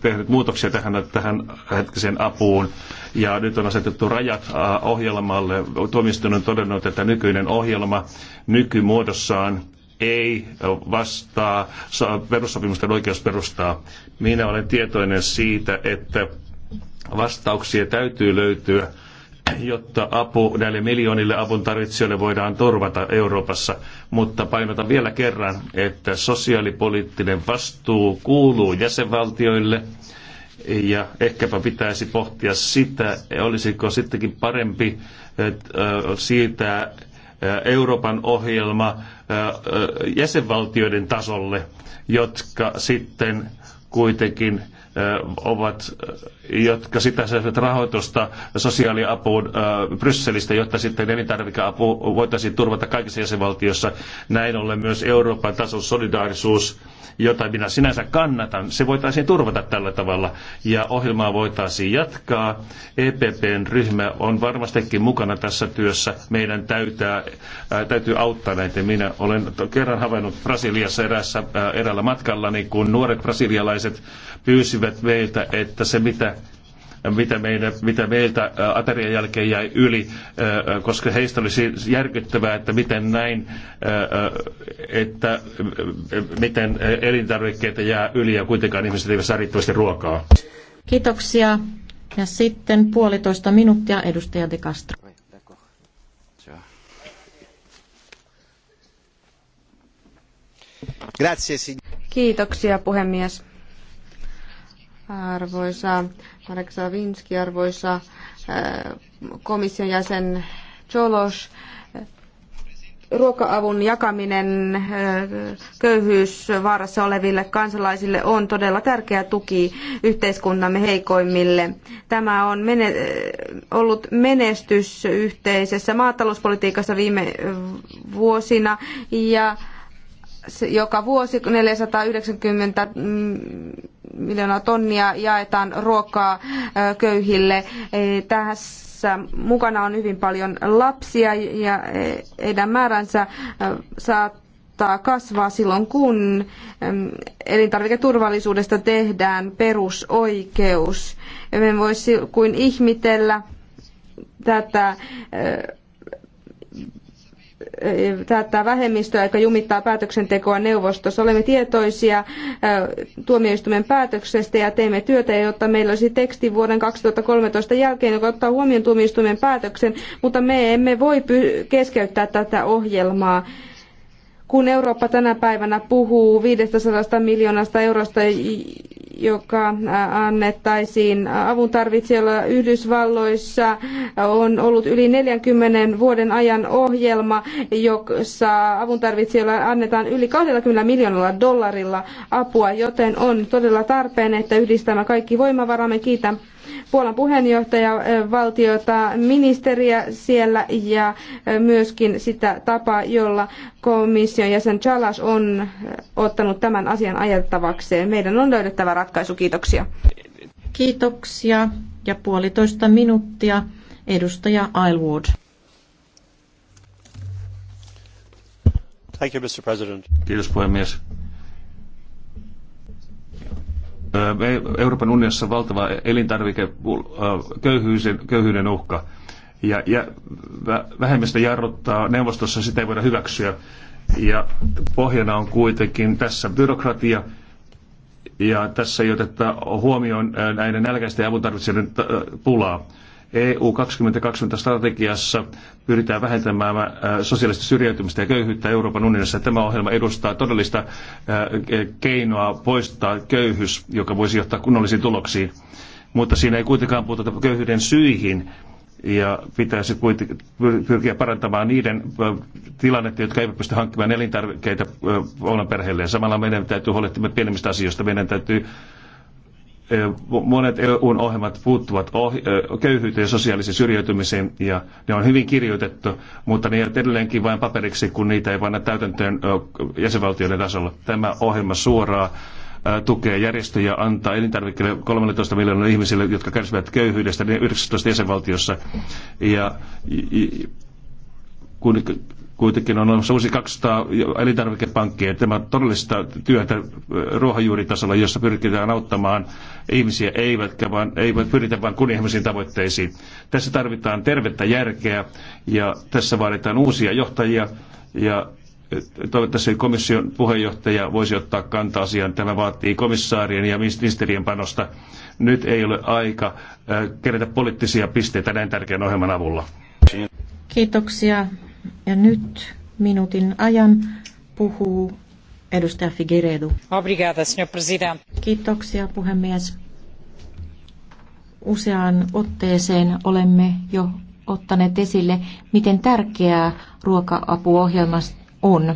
tehnyt muutoksia tähän, tähän hetkiseen apuun. Ja nyt on asetettu rajat ohjelmalle. Tuomioistuin on todennut, että nykyinen ohjelma nykymuodossaan ei vastaa perussopimusten oikeusperustaa. Minä olen tietoinen siitä, että vastauksia täytyy löytyä jotta apu näille miljoonille avun tarvitsijoille voidaan turvata Euroopassa. Mutta painotan vielä kerran, että sosiaalipoliittinen vastuu kuuluu jäsenvaltioille ja ehkäpä pitäisi pohtia sitä, olisiko sittenkin parempi siirtää Euroopan ohjelma jäsenvaltioiden tasolle, jotka sitten kuitenkin ovat jotka sitä saisivat rahoitusta sosiaaliapuun Brysselistä, jotta sitten elintarvikeapu voitaisiin turvata kaikissa jäsenvaltioissa. Näin ollen myös Euroopan tason solidaarisuus, jota minä sinänsä kannatan, se voitaisiin turvata tällä tavalla ja ohjelmaa voitaisiin jatkaa. EPPn ryhmä on varmastikin mukana tässä työssä. Meidän täytää, täytyy auttaa näitä. Minä olen kerran havainnut Brasiliassa eräässä, eräällä matkallani, kun nuoret brasilialaiset pyysivät meiltä, että se mitä mitä, meidän, mitä meiltä aterian jälkeen jäi yli, koska heistä oli siis järkyttävää, että miten näin, että miten elintarvikkeita jää yli ja kuitenkaan ihmiset eivät saa riittävästi ruokaa. Kiitoksia. Ja sitten puolitoista minuuttia edustaja De Castro. Kiitoksia puhemies arvoisa Marek Savinski, arvoisa äh, komission jäsen Cholos. Ruoka-avun jakaminen äh, köyhyysvaarassa oleville kansalaisille on todella tärkeä tuki yhteiskuntamme heikoimmille. Tämä on äh, ollut menestys yhteisessä maatalouspolitiikassa viime vuosina ja joka vuosi 490 mm, miljoonaa tonnia jaetaan ruokaa köyhille. E, tässä mukana on hyvin paljon lapsia ja e, heidän määränsä saattaa kasvaa silloin, kun elintarviketurvallisuudesta tehdään perusoikeus. Me voisi kuin ihmitellä tätä tätä vähemmistöä, joka jumittaa päätöksentekoa neuvostossa. Olemme tietoisia tuomioistuimen päätöksestä ja teemme työtä, jotta meillä olisi teksti vuoden 2013 jälkeen, joka ottaa huomioon tuomioistuimen päätöksen, mutta me emme voi keskeyttää tätä ohjelmaa kun Eurooppa tänä päivänä puhuu 500 miljoonasta eurosta, joka annettaisiin avun tarvitsijoilla Yhdysvalloissa, on ollut yli 40 vuoden ajan ohjelma, jossa avun tarvitsijoilla annetaan yli 20 miljoonalla dollarilla apua, joten on todella tarpeen, että yhdistämme kaikki voimavaramme. Kiitän Puolan puheenjohtajavaltiota, ministeriä siellä ja myöskin sitä tapaa, jolla komission jäsen Charles on ottanut tämän asian ajattavakseen. Meidän on löydettävä ratkaisu. Kiitoksia. Kiitoksia ja puolitoista minuuttia edustaja Aylwood. Thank you, Mr. President. Kiitos puhemies. Euroopan unionissa valtava elintarvikeköyhyyden uhka ja, ja vähemmistö jarruttaa neuvostossa, sitä ei voida hyväksyä. Ja pohjana on kuitenkin tässä byrokratia, ja tässä ei oteta huomioon näiden nälkäisten avuntarvitsijoiden pulaa. EU 2020 strategiassa pyritään vähentämään äh, sosiaalista syrjäytymistä ja köyhyyttä Euroopan unionissa. Tämä ohjelma edustaa todellista äh, keinoa poistaa köyhyys, joka voisi johtaa kunnollisiin tuloksiin. Mutta siinä ei kuitenkaan puututa köyhyyden syihin, ja pitäisi kuitenkin pyrkiä parantamaan niiden äh, tilannetta, jotka eivät pysty hankkimaan elintarvikkeita oman perheelle. Samalla meidän täytyy huolehtia pienemmistä asioista. Meidän täytyy monet eu ohjelmat puuttuvat ohi, köyhyyteen ja sosiaaliseen syrjäytymiseen ja ne on hyvin kirjoitettu, mutta ne jäävät edelleenkin vain paperiksi, kun niitä ei vain täytäntöön jäsenvaltioiden tasolla. Tämä ohjelma suoraan tukee järjestöjä antaa elintarvikkeille 13 miljoonaa ihmisille, jotka kärsivät köyhyydestä 19 jäsenvaltiossa. Ja, kun Kuitenkin on olemassa uusi 200 elintarvikepankkia. Tämä on todellista työtä ruohonjuuritasolla, jossa pyritään auttamaan ihmisiä, eivätkä vaan, eivät pyritä vain kunnianhimoisiin tavoitteisiin. Tässä tarvitaan tervettä järkeä ja tässä vaaditaan uusia johtajia ja toivottavasti komission puheenjohtaja voisi ottaa kantaa asiaan. Tämä vaatii komissaarien ja ministerien panosta. Nyt ei ole aika kerätä poliittisia pisteitä näin tärkeän ohjelman avulla. Kiitoksia. Ja nyt minuutin ajan puhuu edustaja Figueiredo. Obrigada, senhor presidente. Kiitoksia, puhemies. Useaan otteeseen olemme jo ottaneet esille, miten tärkeää ruoka-apuohjelma on.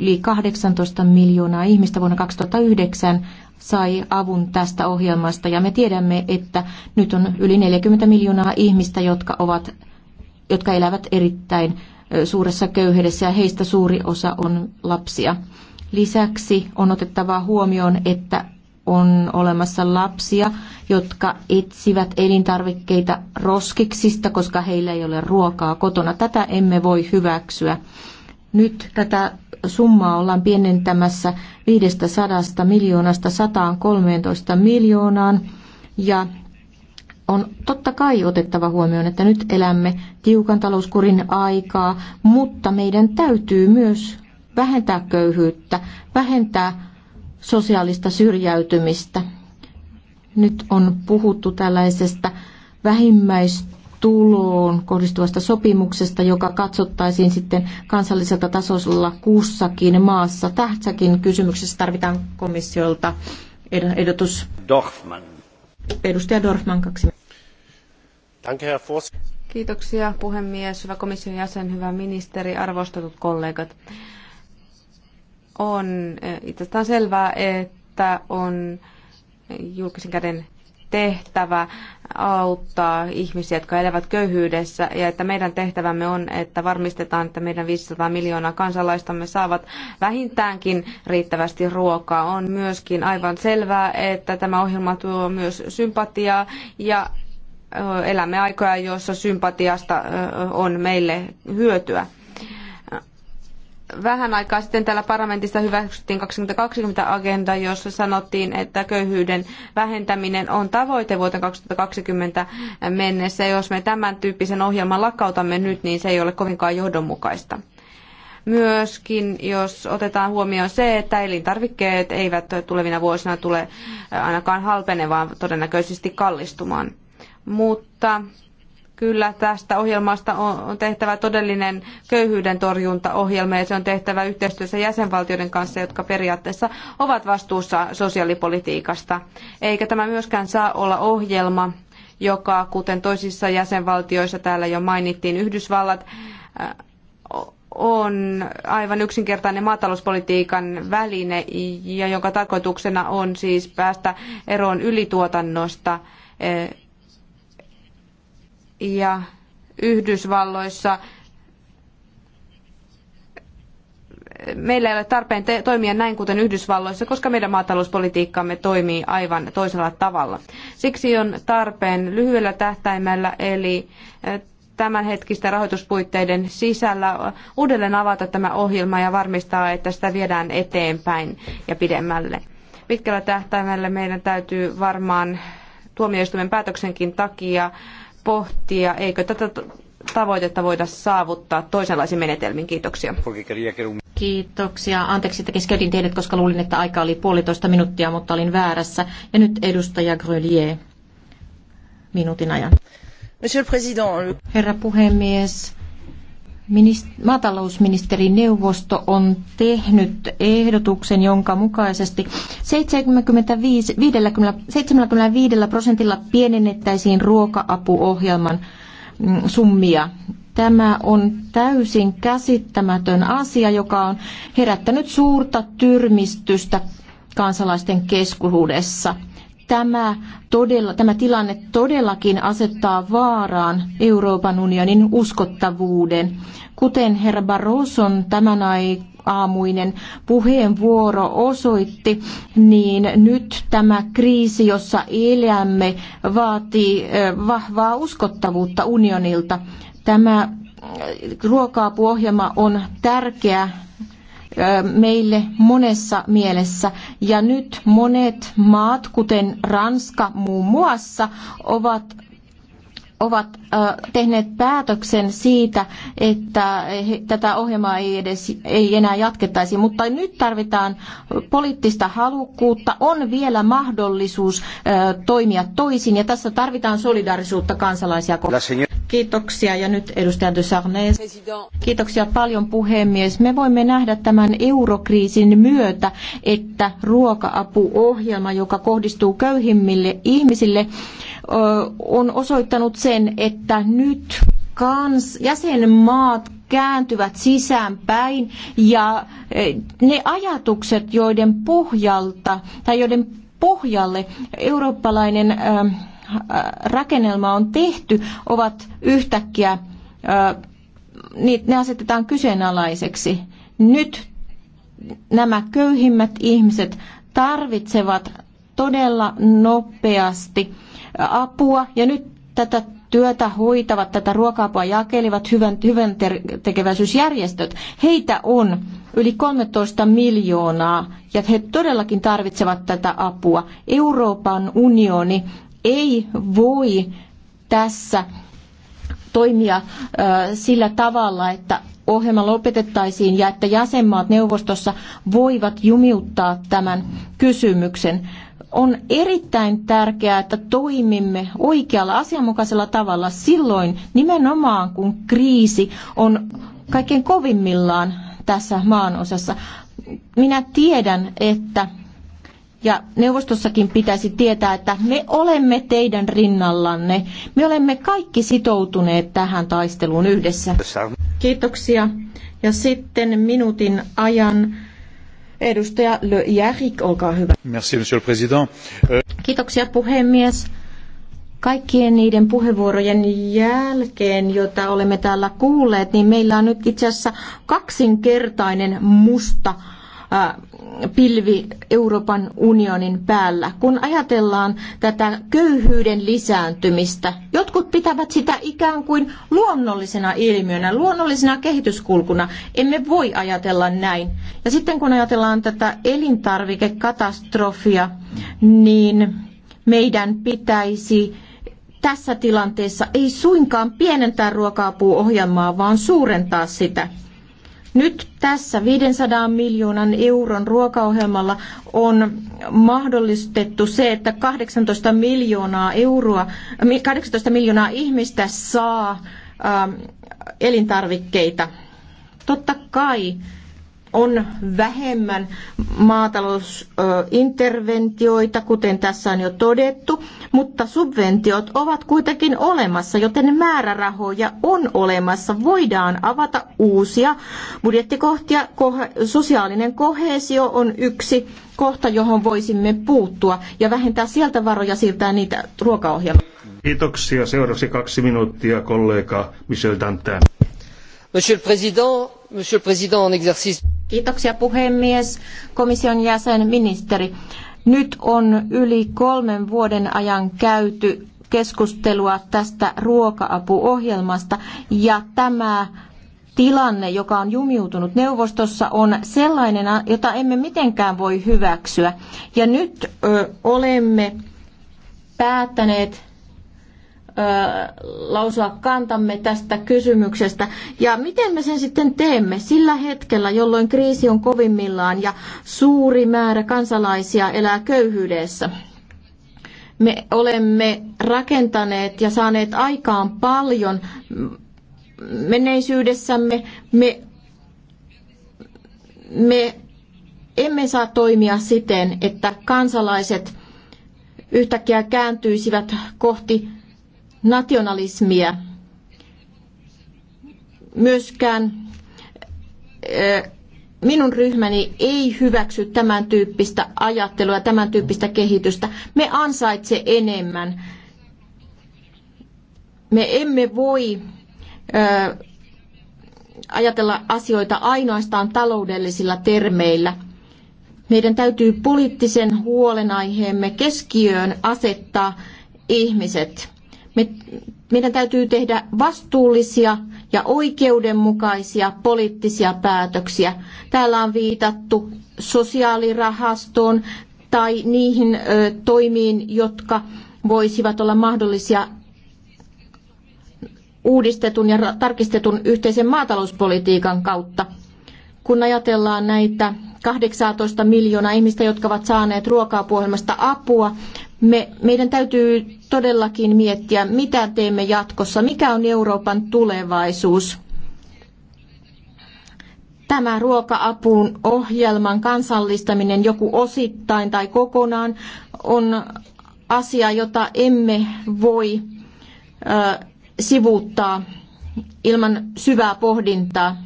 Yli 18 miljoonaa ihmistä vuonna 2009 sai avun tästä ohjelmasta ja me tiedämme, että nyt on yli 40 miljoonaa ihmistä, jotka ovat jotka elävät erittäin suuressa köyhyydessä ja heistä suuri osa on lapsia. Lisäksi on otettava huomioon, että on olemassa lapsia, jotka etsivät elintarvikkeita roskiksista, koska heillä ei ole ruokaa kotona. Tätä emme voi hyväksyä. Nyt tätä summaa ollaan pienentämässä 500 miljoonasta 113 miljoonaan ja on totta kai otettava huomioon, että nyt elämme tiukan talouskurin aikaa, mutta meidän täytyy myös vähentää köyhyyttä, vähentää sosiaalista syrjäytymistä. Nyt on puhuttu tällaisesta vähimmäistuloon kohdistuvasta sopimuksesta, joka katsottaisiin sitten kansallisella tasolla kussakin maassa. Tähtsäkin kysymyksessä tarvitaan komissiolta ehdotus. Dorfman. Edustaja Dorfman, kaksi. Kiitoksia puhemies, hyvä komission jäsen, hyvä ministeri, arvostetut kollegat. On eh, itsestään selvää, että on julkisen käden tehtävä auttaa ihmisiä, jotka elävät köyhyydessä ja että meidän tehtävämme on, että varmistetaan, että meidän 500 miljoonaa kansalaistamme saavat vähintäänkin riittävästi ruokaa. On myöskin aivan selvää, että tämä ohjelma tuo myös sympatiaa ja elämme aikoja, joissa sympatiasta on meille hyötyä vähän aikaa sitten täällä parlamentissa hyväksyttiin 2020-agenda, jossa sanottiin, että köyhyyden vähentäminen on tavoite vuoteen 2020 mennessä. Jos me tämän tyyppisen ohjelman lakkautamme nyt, niin se ei ole kovinkaan johdonmukaista. Myöskin, jos otetaan huomioon se, että elintarvikkeet eivät tulevina vuosina tule ainakaan halpenevaan, todennäköisesti kallistumaan. Mutta Kyllä tästä ohjelmasta on tehtävä todellinen köyhyyden torjuntaohjelma ja se on tehtävä yhteistyössä jäsenvaltioiden kanssa, jotka periaatteessa ovat vastuussa sosiaalipolitiikasta. Eikä tämä myöskään saa olla ohjelma, joka, kuten toisissa jäsenvaltioissa täällä jo mainittiin, Yhdysvallat äh, on aivan yksinkertainen maatalouspolitiikan väline, ja jonka tarkoituksena on siis päästä eroon ylituotannosta äh, ja Yhdysvalloissa meillä ei ole tarpeen toimia näin kuten Yhdysvalloissa, koska meidän maatalouspolitiikkamme toimii aivan toisella tavalla. Siksi on tarpeen lyhyellä tähtäimellä eli eh, tämänhetkisten rahoituspuitteiden sisällä eh, uudelleen avata tämä ohjelma ja varmistaa, että sitä viedään eteenpäin ja pidemmälle. Pitkällä tähtäimellä meidän täytyy varmaan tuomioistuimen päätöksenkin takia pohtia, eikö tätä tavoitetta voida saavuttaa toisenlaisin menetelmin. Kiitoksia. Kiitoksia. Anteeksi, että keskeytin teidät, koska luulin, että aika oli puolitoista minuuttia, mutta olin väärässä. Ja nyt edustaja Grelier minuutin ajan. Herra puhemies, maatalousministerineuvosto on tehnyt ehdotuksen, jonka mukaisesti 75, 75 prosentilla pienennettäisiin ruoka-apuohjelman mm, summia. Tämä on täysin käsittämätön asia, joka on herättänyt suurta tyrmistystä kansalaisten keskuudessa. Tämä, todella, tämä tilanne todellakin asettaa vaaraan Euroopan unionin uskottavuuden. Kuten herra Barroson tämän aamuinen puheenvuoro osoitti, niin nyt tämä kriisi, jossa elämme, vaatii vahvaa uskottavuutta unionilta. Tämä ruoka on tärkeä meille monessa mielessä. Ja nyt monet maat, kuten Ranska muun muassa, ovat ovat tehneet päätöksen siitä, että tätä ohjelmaa ei, edes, ei enää jatkettaisi, mutta nyt tarvitaan poliittista halukkuutta, on vielä mahdollisuus toimia toisin ja tässä tarvitaan solidaarisuutta kansalaisia kohtaan. Kiitoksia ja nyt edustaja de Sarnes. Kiitoksia paljon puhemies. Me voimme nähdä tämän eurokriisin myötä, että ruoka-apuohjelma, joka kohdistuu köyhimmille ihmisille, on osoittanut sen, että nyt kans, jäsenmaat kääntyvät sisäänpäin ja ne ajatukset, joiden pohjalta tai joiden pohjalle eurooppalainen rakennelma on tehty, ovat yhtäkkiä, niin ne asetetaan kyseenalaiseksi. Nyt nämä köyhimmät ihmiset tarvitsevat todella nopeasti apua ja nyt tätä työtä hoitavat, tätä ruoka-apua jakelivat hyvän, hyvän tekeväisyysjärjestöt. Heitä on yli 13 miljoonaa ja he todellakin tarvitsevat tätä apua. Euroopan unioni ei voi tässä toimia sillä tavalla, että ohjelma lopetettaisiin ja että jäsenmaat neuvostossa voivat jumiuttaa tämän kysymyksen on erittäin tärkeää, että toimimme oikealla asianmukaisella tavalla silloin nimenomaan, kun kriisi on kaikkein kovimmillaan tässä maanosassa. Minä tiedän, että ja neuvostossakin pitäisi tietää, että me olemme teidän rinnallanne. Me olemme kaikki sitoutuneet tähän taisteluun yhdessä. Kiitoksia. Ja sitten minuutin ajan Edustaja Le Järik, olkaa hyvä. Merci, monsieur le président. Euh, Kiitoksia puhemies. Kaikkien niiden puheenvuorojen jälkeen, joita olemme täällä kuulleet, niin meillä on nyt itse asiassa kaksinkertainen musta pilvi Euroopan unionin päällä. Kun ajatellaan tätä köyhyyden lisääntymistä, jotkut pitävät sitä ikään kuin luonnollisena ilmiönä, luonnollisena kehityskulkuna. Emme voi ajatella näin. Ja sitten kun ajatellaan tätä elintarvikekatastrofia, niin meidän pitäisi tässä tilanteessa ei suinkaan pienentää ruoka-apuohjelmaa, vaan suurentaa sitä. Nyt tässä 500 miljoonan euron ruokaohjelmalla on mahdollistettu se, että 18 miljoonaa, euroa, 18 miljoonaa ihmistä saa ähm, elintarvikkeita. Totta kai on vähemmän maatalousinterventioita, kuten tässä on jo todettu, mutta subventiot ovat kuitenkin olemassa, joten määrärahoja on olemassa. Voidaan avata uusia budjettikohtia. Sosiaalinen kohesio on yksi kohta, johon voisimme puuttua ja vähentää sieltä varoja, siirtää niitä ruokaohjelmaan. Kiitoksia. Seuraavaksi kaksi minuuttia kollega Michel Dantin. Monsieur le Président, Monsieur le Président en exercice. Kiitoksia puhemies, komission jäsen, ministeri. Nyt on yli kolmen vuoden ajan käyty keskustelua tästä ruoka-apuohjelmasta ja tämä tilanne, joka on jumiutunut neuvostossa, on sellainen, jota emme mitenkään voi hyväksyä. Ja nyt ö, olemme päättäneet lausua kantamme tästä kysymyksestä. Ja miten me sen sitten teemme sillä hetkellä, jolloin kriisi on kovimmillaan ja suuri määrä kansalaisia elää köyhyydessä? Me olemme rakentaneet ja saaneet aikaan paljon menneisyydessämme. Me, me emme saa toimia siten, että kansalaiset yhtäkkiä kääntyisivät kohti nationalismia. Myöskään minun ryhmäni ei hyväksy tämän tyyppistä ajattelua, tämän tyyppistä kehitystä. Me ansaitse enemmän. Me emme voi ajatella asioita ainoastaan taloudellisilla termeillä. Meidän täytyy poliittisen huolenaiheemme keskiöön asettaa ihmiset. Me, meidän täytyy tehdä vastuullisia ja oikeudenmukaisia poliittisia päätöksiä. Täällä on viitattu sosiaalirahastoon tai niihin ö, toimiin, jotka voisivat olla mahdollisia uudistetun ja tarkistetun yhteisen maatalouspolitiikan kautta. Kun ajatellaan näitä 18 miljoonaa ihmistä, jotka ovat saaneet ruoka apua, me, meidän täytyy todellakin miettiä, mitä teemme jatkossa, mikä on Euroopan tulevaisuus. Tämä ruoka-apuun ohjelman kansallistaminen joku osittain tai kokonaan on asia, jota emme voi ö, sivuuttaa ilman syvää pohdintaa.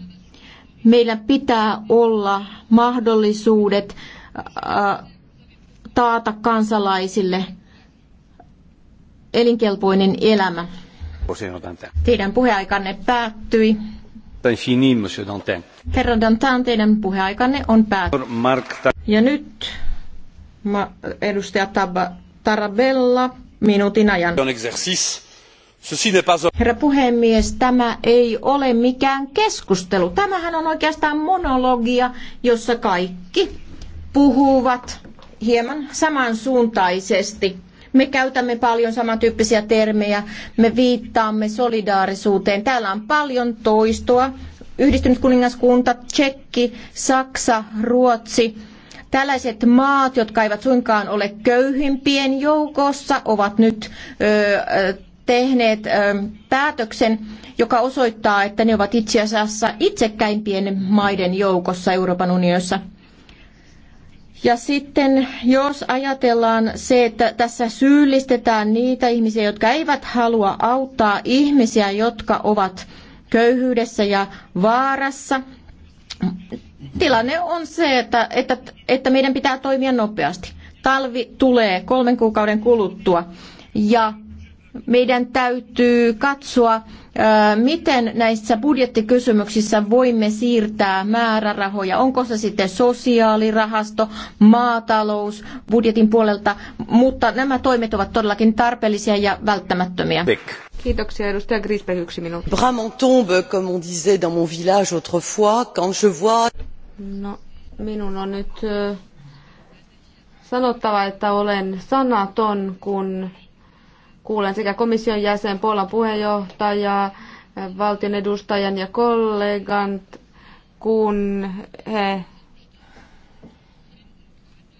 Meillä pitää olla mahdollisuudet ö, taata kansalaisille elinkelpoinen elämä. Teidän puheaikanne päättyi. Fini, Dantin. Herra Dantin, teidän puheaikanne on päättynyt. Ja nyt ma, edustaja Tabba, Tarabella minuutin ajan. Herra puhemies, tämä ei ole mikään keskustelu. Tämähän on oikeastaan monologia, jossa kaikki puhuvat hieman samansuuntaisesti. Me käytämme paljon samantyyppisiä termejä, me viittaamme solidaarisuuteen. Täällä on paljon toistoa. Yhdistynyt kuningaskunta, Tsekki, Saksa, Ruotsi. Tällaiset maat, jotka eivät suinkaan ole köyhimpien joukossa, ovat nyt öö, tehneet päätöksen, joka osoittaa, että ne ovat itse asiassa itsekkäimpien maiden joukossa Euroopan unionissa. Ja sitten jos ajatellaan se, että tässä syyllistetään niitä ihmisiä, jotka eivät halua auttaa ihmisiä, jotka ovat köyhyydessä ja vaarassa, tilanne on se, että, että, että meidän pitää toimia nopeasti. Talvi tulee kolmen kuukauden kuluttua ja meidän täytyy katsoa, Miten näissä budjettikysymyksissä voimme siirtää määrärahoja? Onko se sitten sosiaalirahasto, maatalous budjetin puolelta? Mutta nämä toimet ovat todellakin tarpeellisia ja välttämättömiä. Kiitoksia edustaja Grisberg, yksi minuutti. tombe, comme on disait dans mon village autrefois, quand je vois... No, minun on nyt sanottava, että olen sanaton, kun Kuulen sekä komission jäsen, Puolan puheenjohtaja valtion edustajan ja kollegan, kun he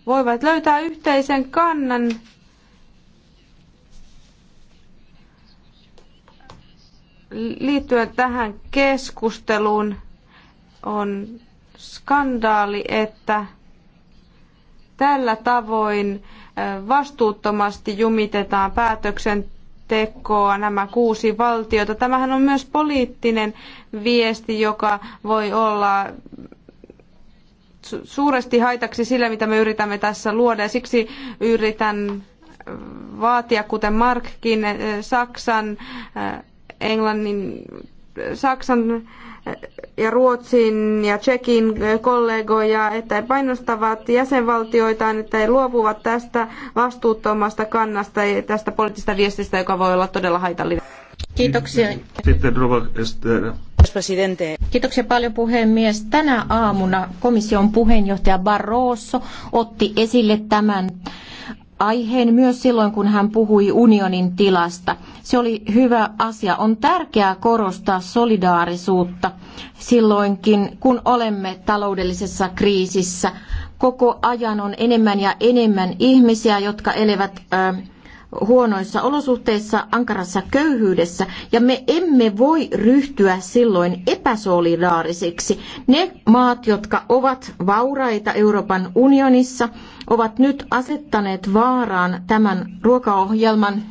voivat löytää yhteisen kannan liittyen tähän keskusteluun on skandaali, että tällä tavoin vastuuttomasti jumitetaan päätöksentekoa nämä kuusi valtiota. Tämähän on myös poliittinen viesti, joka voi olla suuresti haitaksi sille, mitä me yritämme tässä luoda. Ja siksi yritän vaatia, kuten Markkin, Saksan, Englannin, Saksan ja Ruotsin ja Tsekin kollegoja, että he painostavat jäsenvaltioitaan, että he luovuvat tästä vastuuttomasta kannasta ja tästä poliittisesta viestistä, joka voi olla todella haitallinen. Kiitoksia. Sitten Kiitoksia paljon puhemies. Tänä aamuna komission puheenjohtaja Barroso otti esille tämän aiheen myös silloin, kun hän puhui unionin tilasta. Se oli hyvä asia. On tärkeää korostaa solidaarisuutta silloinkin, kun olemme taloudellisessa kriisissä. Koko ajan on enemmän ja enemmän ihmisiä, jotka elävät äh, huonoissa olosuhteissa, ankarassa köyhyydessä, ja me emme voi ryhtyä silloin epäsolidaarisiksi. Ne maat, jotka ovat vauraita Euroopan unionissa, ovat nyt asettaneet vaaraan tämän ruokaohjelman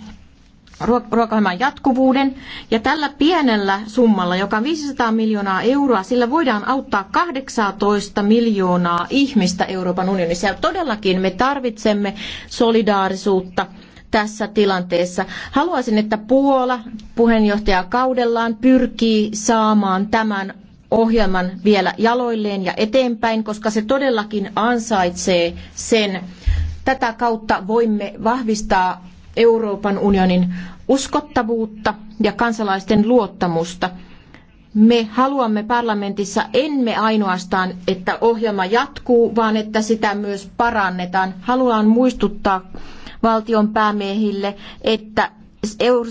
jatkuvuuden. Ja tällä pienellä summalla, joka on 500 miljoonaa euroa, sillä voidaan auttaa 18 miljoonaa ihmistä Euroopan unionissa. Ja todellakin me tarvitsemme solidaarisuutta tässä tilanteessa. Haluaisin, että Puola puheenjohtajakaudellaan pyrkii saamaan tämän ohjelman vielä jaloilleen ja eteenpäin, koska se todellakin ansaitsee sen. Tätä kautta voimme vahvistaa Euroopan unionin uskottavuutta ja kansalaisten luottamusta. Me haluamme parlamentissa emme ainoastaan, että ohjelma jatkuu, vaan että sitä myös parannetaan. Haluan muistuttaa valtion päämiehille, että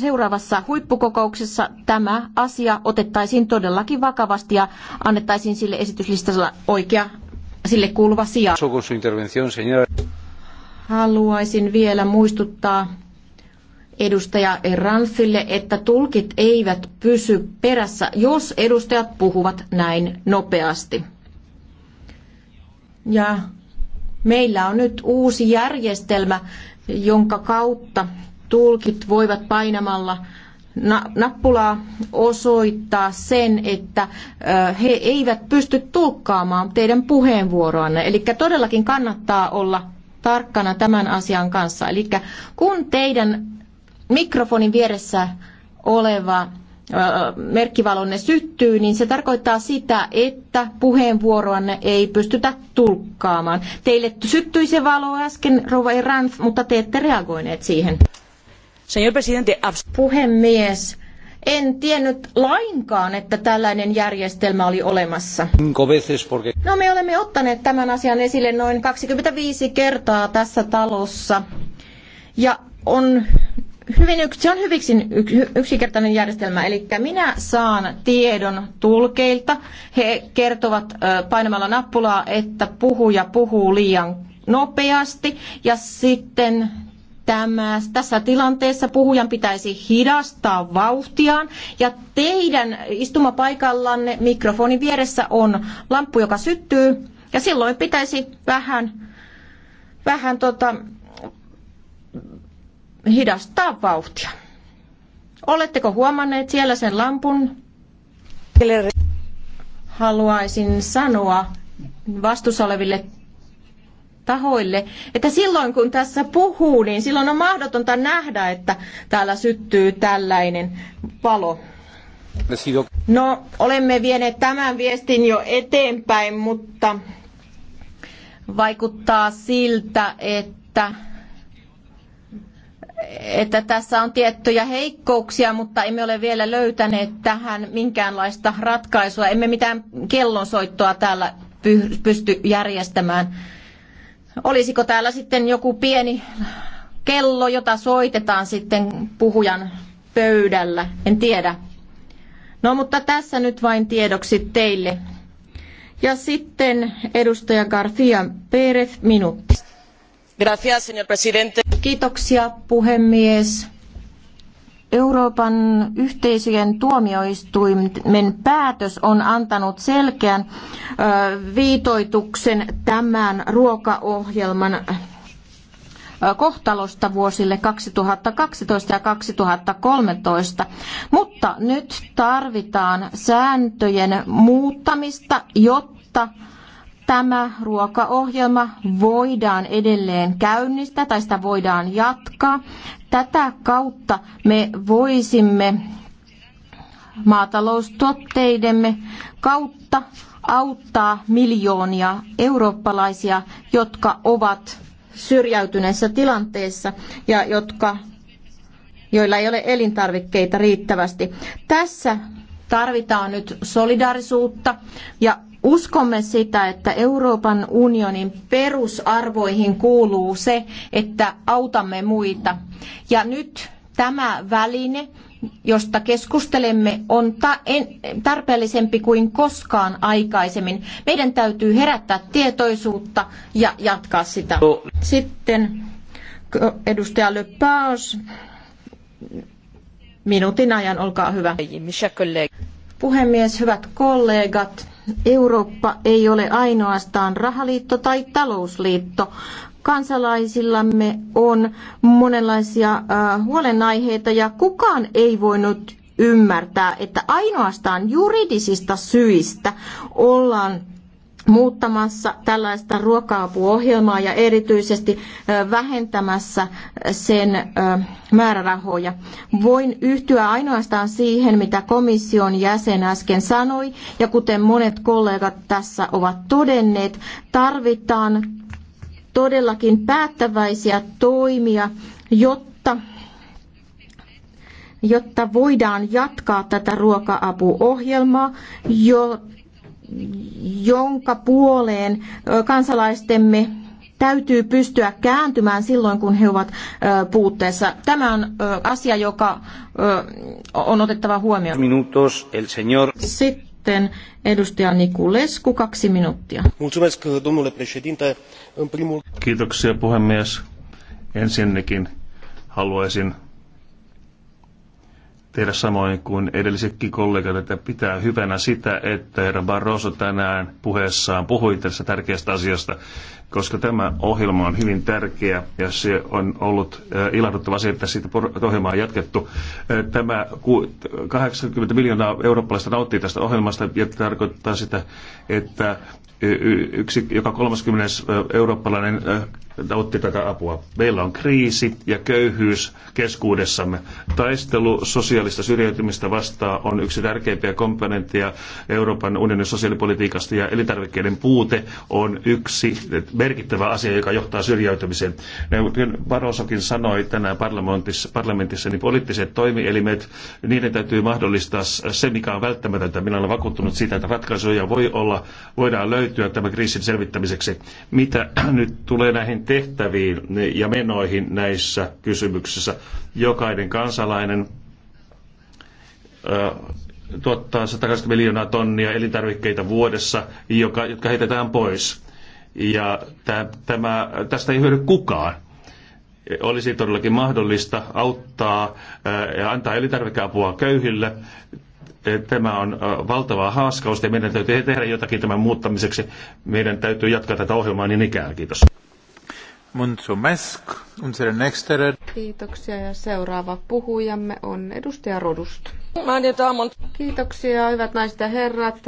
seuraavassa huippukokouksessa tämä asia otettaisiin todellakin vakavasti ja annettaisiin sille esityslistalla oikea sille kuuluva sija. Haluaisin vielä muistuttaa edustaja Ranfille, että tulkit eivät pysy perässä, jos edustajat puhuvat näin nopeasti. Ja meillä on nyt uusi järjestelmä, jonka kautta tulkit voivat painamalla nappulaa osoittaa sen, että he eivät pysty tulkkaamaan teidän puheenvuoroanne. Eli todellakin kannattaa olla tarkkana tämän asian kanssa. Eli kun teidän mikrofonin vieressä oleva merkkivalonne syttyy, niin se tarkoittaa sitä, että puheenvuoroanne ei pystytä tulkkaamaan. Teille syttyi se valo äsken, Rova Ranf, mutta te ette reagoineet siihen. Señor presidente, Puhemies, en tiennyt lainkaan, että tällainen järjestelmä oli olemassa. No me olemme ottaneet tämän asian esille noin 25 kertaa tässä talossa. Ja on hyvin, se on hyviksin yksinkertainen järjestelmä, eli minä saan tiedon tulkeilta. He kertovat painamalla nappulaa, että puhuja puhuu liian nopeasti ja sitten tämä, tässä tilanteessa puhujan pitäisi hidastaa vauhtiaan ja teidän istumapaikallanne mikrofonin vieressä on lamppu, joka syttyy ja silloin pitäisi vähän, vähän tota, hidastaa vauhtia. Oletteko huomanneet siellä sen lampun? Haluaisin sanoa vastuussa oleville tahoille, että silloin kun tässä puhuu, niin silloin on mahdotonta nähdä, että täällä syttyy tällainen valo. No, olemme vieneet tämän viestin jo eteenpäin, mutta vaikuttaa siltä, että että tässä on tiettyjä heikkouksia, mutta emme ole vielä löytäneet tähän minkäänlaista ratkaisua. Emme mitään kellonsoittoa täällä pysty järjestämään. Olisiko täällä sitten joku pieni kello, jota soitetaan sitten puhujan pöydällä? En tiedä. No mutta tässä nyt vain tiedoksi teille. Ja sitten edustaja Garcia Perez minuutti señor presidente. Kiitoksia puhemies. Euroopan yhteisöjen tuomioistuimen päätös on antanut selkeän viitoituksen tämän ruokaohjelman kohtalosta vuosille 2012 ja 2013, mutta nyt tarvitaan sääntöjen muuttamista, jotta tämä ruokaohjelma voidaan edelleen käynnistää tai sitä voidaan jatkaa. Tätä kautta me voisimme maataloustuotteidemme kautta auttaa miljoonia eurooppalaisia, jotka ovat syrjäytyneessä tilanteessa ja jotka, joilla ei ole elintarvikkeita riittävästi. Tässä tarvitaan nyt solidaarisuutta ja Uskomme sitä, että Euroopan unionin perusarvoihin kuuluu se, että autamme muita. Ja nyt tämä väline, josta keskustelemme, on tarpeellisempi kuin koskaan aikaisemmin. Meidän täytyy herättää tietoisuutta ja jatkaa sitä. No. Sitten edustaja Lepage, minuutin ajan, olkaa hyvä. Puhemies, hyvät kollegat, Eurooppa ei ole ainoastaan rahaliitto tai talousliitto. Kansalaisillamme on monenlaisia äh, huolenaiheita ja kukaan ei voinut ymmärtää, että ainoastaan juridisista syistä ollaan muuttamassa tällaista ruoka-apuohjelmaa ja erityisesti vähentämässä sen määrärahoja. Voin yhtyä ainoastaan siihen, mitä komission jäsen äsken sanoi, ja kuten monet kollegat tässä ovat todenneet, tarvitaan todellakin päättäväisiä toimia, jotta jotta voidaan jatkaa tätä ruoka-apuohjelmaa, jotta jonka puoleen kansalaistemme täytyy pystyä kääntymään silloin, kun he ovat puutteessa. Tämä on asia, joka on otettava huomioon. Minutos, el señor. Sitten edustaja Nikulescu, kaksi minuuttia. Mulțumesc, domnule președinte. În primul... Kiitoksia, puhemies. Ensinnäkin haluaisin tehdä samoin kuin edellisetkin kollegat, että pitää hyvänä sitä, että herra Barroso tänään puheessaan puhui tässä tärkeästä asiasta, koska tämä ohjelma on hyvin tärkeä ja se on ollut äh, ilahduttava se, että siitä ohjelmaa on jatkettu. Äh, tämä 80 miljoonaa eurooppalaista nauttii tästä ohjelmasta ja tarkoittaa sitä, että yksi, joka 30 äh, eurooppalainen otti tätä apua. Meillä on kriisi ja köyhyys keskuudessamme. Taistelu sosiaalista syrjäytymistä vastaan on yksi tärkeimpiä komponentteja Euroopan unionin sosiaalipolitiikasta ja elintarvikkeiden puute on yksi merkittävä asia, joka johtaa syrjäytymiseen. Varosokin sanoi tänään parlamentissa, parlamentissa niin poliittiset toimielimet, niiden täytyy mahdollistaa se, mikä on välttämätöntä. Minä olen vakuuttunut siitä, että ratkaisuja voi olla, voidaan löytyä tämän kriisin selvittämiseksi. Mitä nyt tulee näihin tehtäviin ja menoihin näissä kysymyksissä. Jokainen kansalainen tuottaa 120 miljoonaa tonnia elintarvikkeita vuodessa, joka, jotka heitetään pois. Ja tämä, tästä ei hyödy kukaan. Olisi todellakin mahdollista auttaa ja antaa elintarvikeapua köyhille. E, tämä on valtava haaskausta ja meidän täytyy tehdä jotakin tämän muuttamiseksi. Meidän täytyy jatkaa tätä ohjelmaa niin ikään. Kiitos. Mulțumesc. Unsere nächste... Kiitoksia ja seuraava puhujamme on edustaja Rodust. Kiitoksia hyvät naiset ja herrat.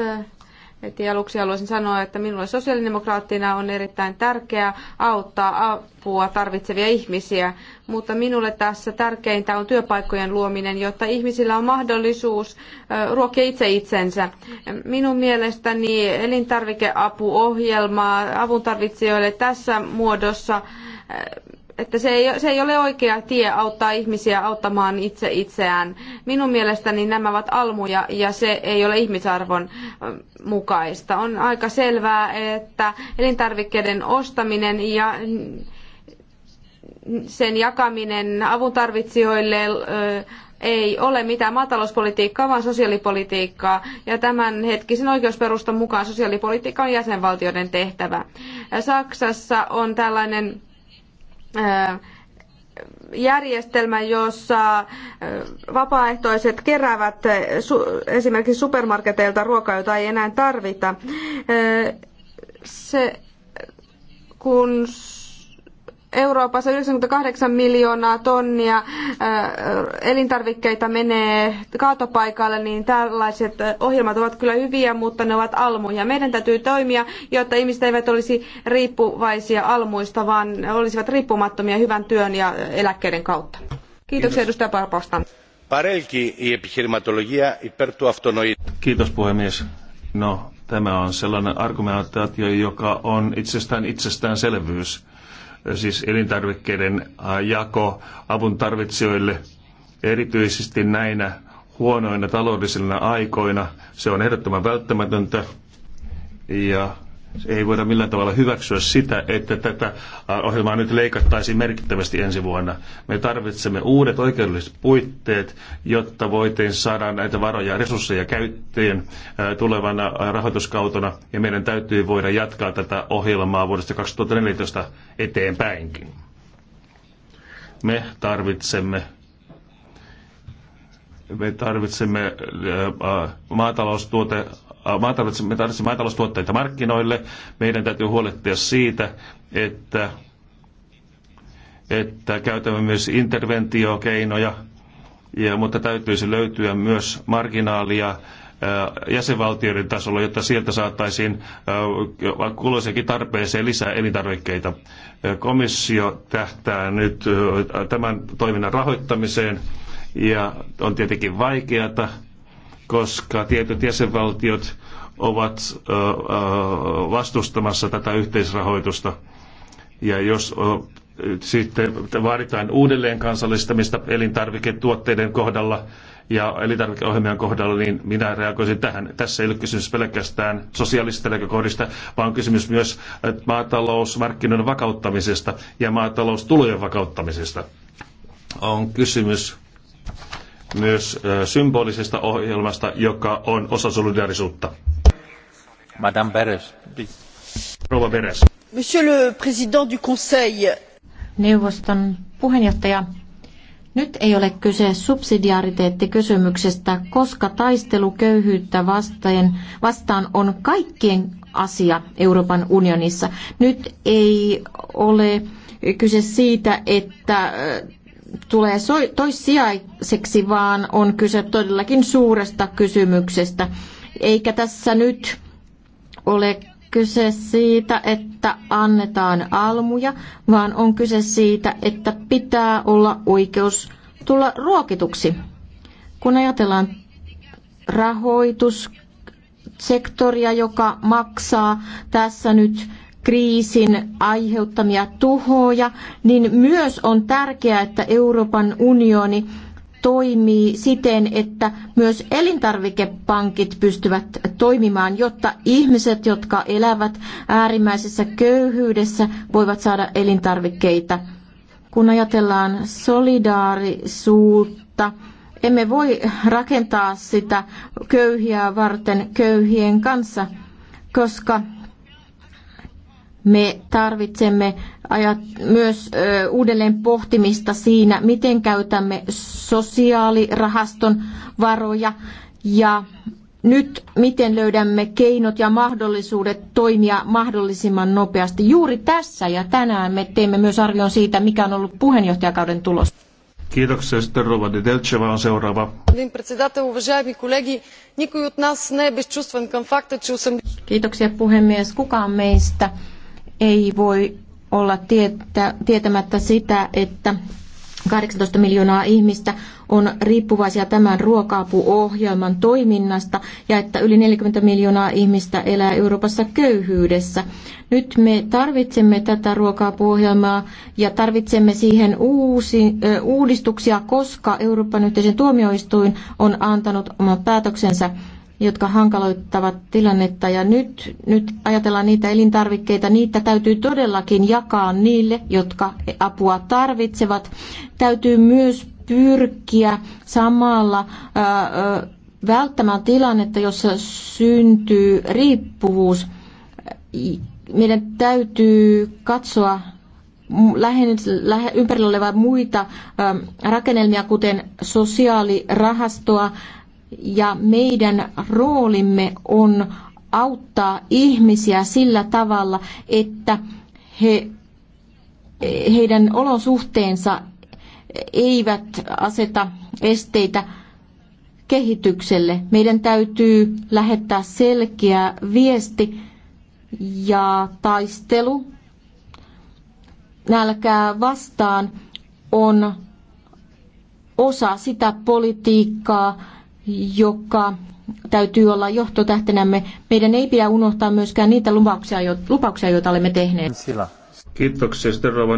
Heti aluksi haluaisin sanoa, että minulle sosiaalidemokraattina on erittäin tärkeää auttaa apua tarvitsevia ihmisiä, mutta minulle tässä tärkeintä on työpaikkojen luominen, jotta ihmisillä on mahdollisuus ruokkia itse itsensä. Minun mielestäni elintarvikeapuohjelmaa avuntarvitsijoille tässä muodossa että se ei, se ei ole oikea tie auttaa ihmisiä auttamaan itse itseään. Minun mielestäni nämä ovat almuja ja se ei ole ihmisarvon ähm, mukaista. On aika selvää, että elintarvikkeiden ostaminen ja sen jakaminen avuntarvitsijoille äh, ei ole mitään maatalouspolitiikkaa, vaan sosiaalipolitiikkaa. Ja tämän hetkisen oikeusperustan mukaan sosiaalipolitiikka on jäsenvaltioiden tehtävä. Saksassa on tällainen järjestelmä, jossa vapaaehtoiset keräävät esimerkiksi supermarketeilta ruokaa, jota ei enää tarvita. Se, kun Euroopassa 98 miljoonaa tonnia äh, elintarvikkeita menee kaatopaikalle, niin tällaiset äh, ohjelmat ovat kyllä hyviä, mutta ne ovat almuja. Meidän täytyy toimia, jotta ihmiset eivät olisi riippuvaisia almuista, vaan olisivat riippumattomia hyvän työn ja eläkkeiden kautta. Kiitoksia edustaja Parelki η επιχειρηματολογία Kiitos puhemies. No, tämä on sellainen argumentaatio, joka on itsestään itsestäänselvyys siis elintarvikkeiden jako avun tarvitsijoille, erityisesti näinä huonoina taloudellisina aikoina. Se on ehdottoman välttämätöntä ja ei voida millään tavalla hyväksyä sitä, että tätä ohjelmaa nyt leikattaisiin merkittävästi ensi vuonna. Me tarvitsemme uudet oikeudelliset puitteet, jotta voitiin saada näitä varoja ja resursseja käyttöön tulevana rahoituskautona, ja meidän täytyy voida jatkaa tätä ohjelmaa vuodesta 2014 eteenpäinkin. Me tarvitsemme me tarvitsemme maataloustuote me tarvitsemme maataloustuotteita markkinoille. Meidän täytyy huolehtia siitä, että, että käytämme myös interventiokeinoja, ja, mutta täytyisi löytyä myös marginaalia jäsenvaltioiden tasolla, jotta sieltä saataisiin kulloisenkin tarpeeseen lisää elintarvikkeita. Komissio tähtää nyt tämän toiminnan rahoittamiseen ja on tietenkin vaikeata koska tietyt jäsenvaltiot ovat vastustamassa tätä yhteisrahoitusta. Ja jos sitten vaaditaan uudelleen kansallistamista elintarviketuotteiden kohdalla ja elintarvikeohjelmien kohdalla, niin minä reagoisin tähän. Tässä ei ole kysymys pelkästään sosiaalisista näkökohdista, vaan on kysymys myös maatalousmarkkinoiden vakauttamisesta ja maataloustulojen vakauttamisesta. On kysymys myös symbolisesta ohjelmasta, joka on osa solidaarisuutta. Madame Beres, Rouva Beres. Monsieur le Président du Conseil. Neuvoston puheenjohtaja, nyt ei ole kyse subsidiariteettikysymyksestä, koska taistelu köyhyyttä vastaan, vastaan on kaikkien asia Euroopan unionissa. Nyt ei ole kyse siitä, että tulee toissijaiseksi, vaan on kyse todellakin suuresta kysymyksestä. Eikä tässä nyt ole kyse siitä, että annetaan almuja, vaan on kyse siitä, että pitää olla oikeus tulla ruokituksi. Kun ajatellaan rahoitussektoria, joka maksaa tässä nyt kriisin aiheuttamia tuhoja, niin myös on tärkeää, että Euroopan unioni toimii siten, että myös elintarvikepankit pystyvät toimimaan, jotta ihmiset, jotka elävät äärimmäisessä köyhyydessä, voivat saada elintarvikkeita. Kun ajatellaan solidaarisuutta, emme voi rakentaa sitä köyhiä varten köyhien kanssa, koska me tarvitsemme ajat, myös ö, uudelleen pohtimista siinä, miten käytämme sosiaalirahaston varoja ja nyt miten löydämme keinot ja mahdollisuudet toimia mahdollisimman nopeasti. Juuri tässä ja tänään me teemme myös arvion siitä, mikä on ollut puheenjohtajakauden tulos. Kiitoksia. Sitten Rova Dedelcheva on seuraava. Kiitoksia puhemies. Kukaan meistä ei voi olla tietä, tietämättä sitä, että 18 miljoonaa ihmistä on riippuvaisia tämän ruoka-apuohjelman toiminnasta ja että yli 40 miljoonaa ihmistä elää Euroopassa köyhyydessä. Nyt me tarvitsemme tätä ruoka-apuohjelmaa ja tarvitsemme siihen uusi, ö, uudistuksia, koska Euroopan yhteisen tuomioistuin on antanut oman päätöksensä jotka hankaloittavat tilannetta. Ja nyt, nyt ajatellaan niitä elintarvikkeita, niitä täytyy todellakin jakaa niille, jotka apua tarvitsevat. Täytyy myös pyrkiä samalla ää, välttämään tilannetta, jossa syntyy riippuvuus. Meidän täytyy katsoa ympärillä olevia muita rakennelmia, kuten sosiaalirahastoa, ja meidän roolimme on auttaa ihmisiä sillä tavalla, että he, heidän olosuhteensa eivät aseta esteitä kehitykselle. Meidän täytyy lähettää selkeä viesti ja taistelu nälkää vastaan on osa sitä politiikkaa, joka täytyy olla johtotähtenämme. Meidän ei pidä unohtaa myöskään niitä lupauksia, jo, lupauksia joita olemme tehneet. Sillä. Kiitoksia, sitten Rova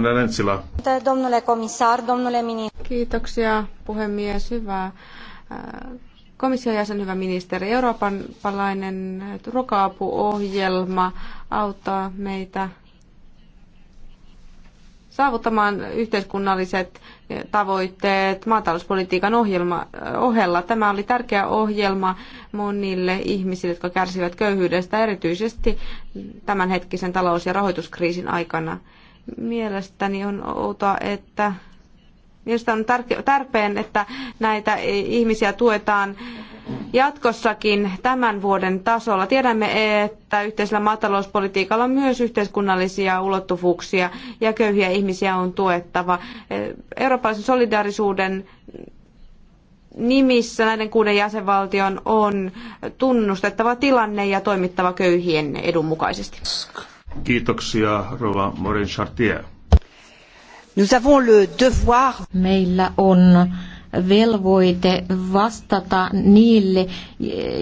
Domnule komissar, domnule Kiitoksia, puhemies, Hyvä. Äh, komission jäsen, hyvä ministeri. Euroopan palainen ruoka auttaa meitä saavuttamaan yhteiskunnalliset tavoitteet maatalouspolitiikan ohjelma, ohella. Tämä oli tärkeä ohjelma monille ihmisille, jotka kärsivät köyhyydestä, erityisesti tämänhetkisen talous- ja rahoituskriisin aikana. Mielestäni on outoa, että Minusta on tarpeen, että näitä ihmisiä tuetaan jatkossakin tämän vuoden tasolla. Tiedämme, että yhteisellä maatalouspolitiikalla on myös yhteiskunnallisia ulottuvuuksia ja köyhiä ihmisiä on tuettava. Eurooppalaisen solidaarisuuden nimissä näiden kuuden jäsenvaltion on tunnustettava tilanne ja toimittava köyhien edun mukaisesti. Kiitoksia, Rova Morin Chartier. Meillä on velvoite vastata niille,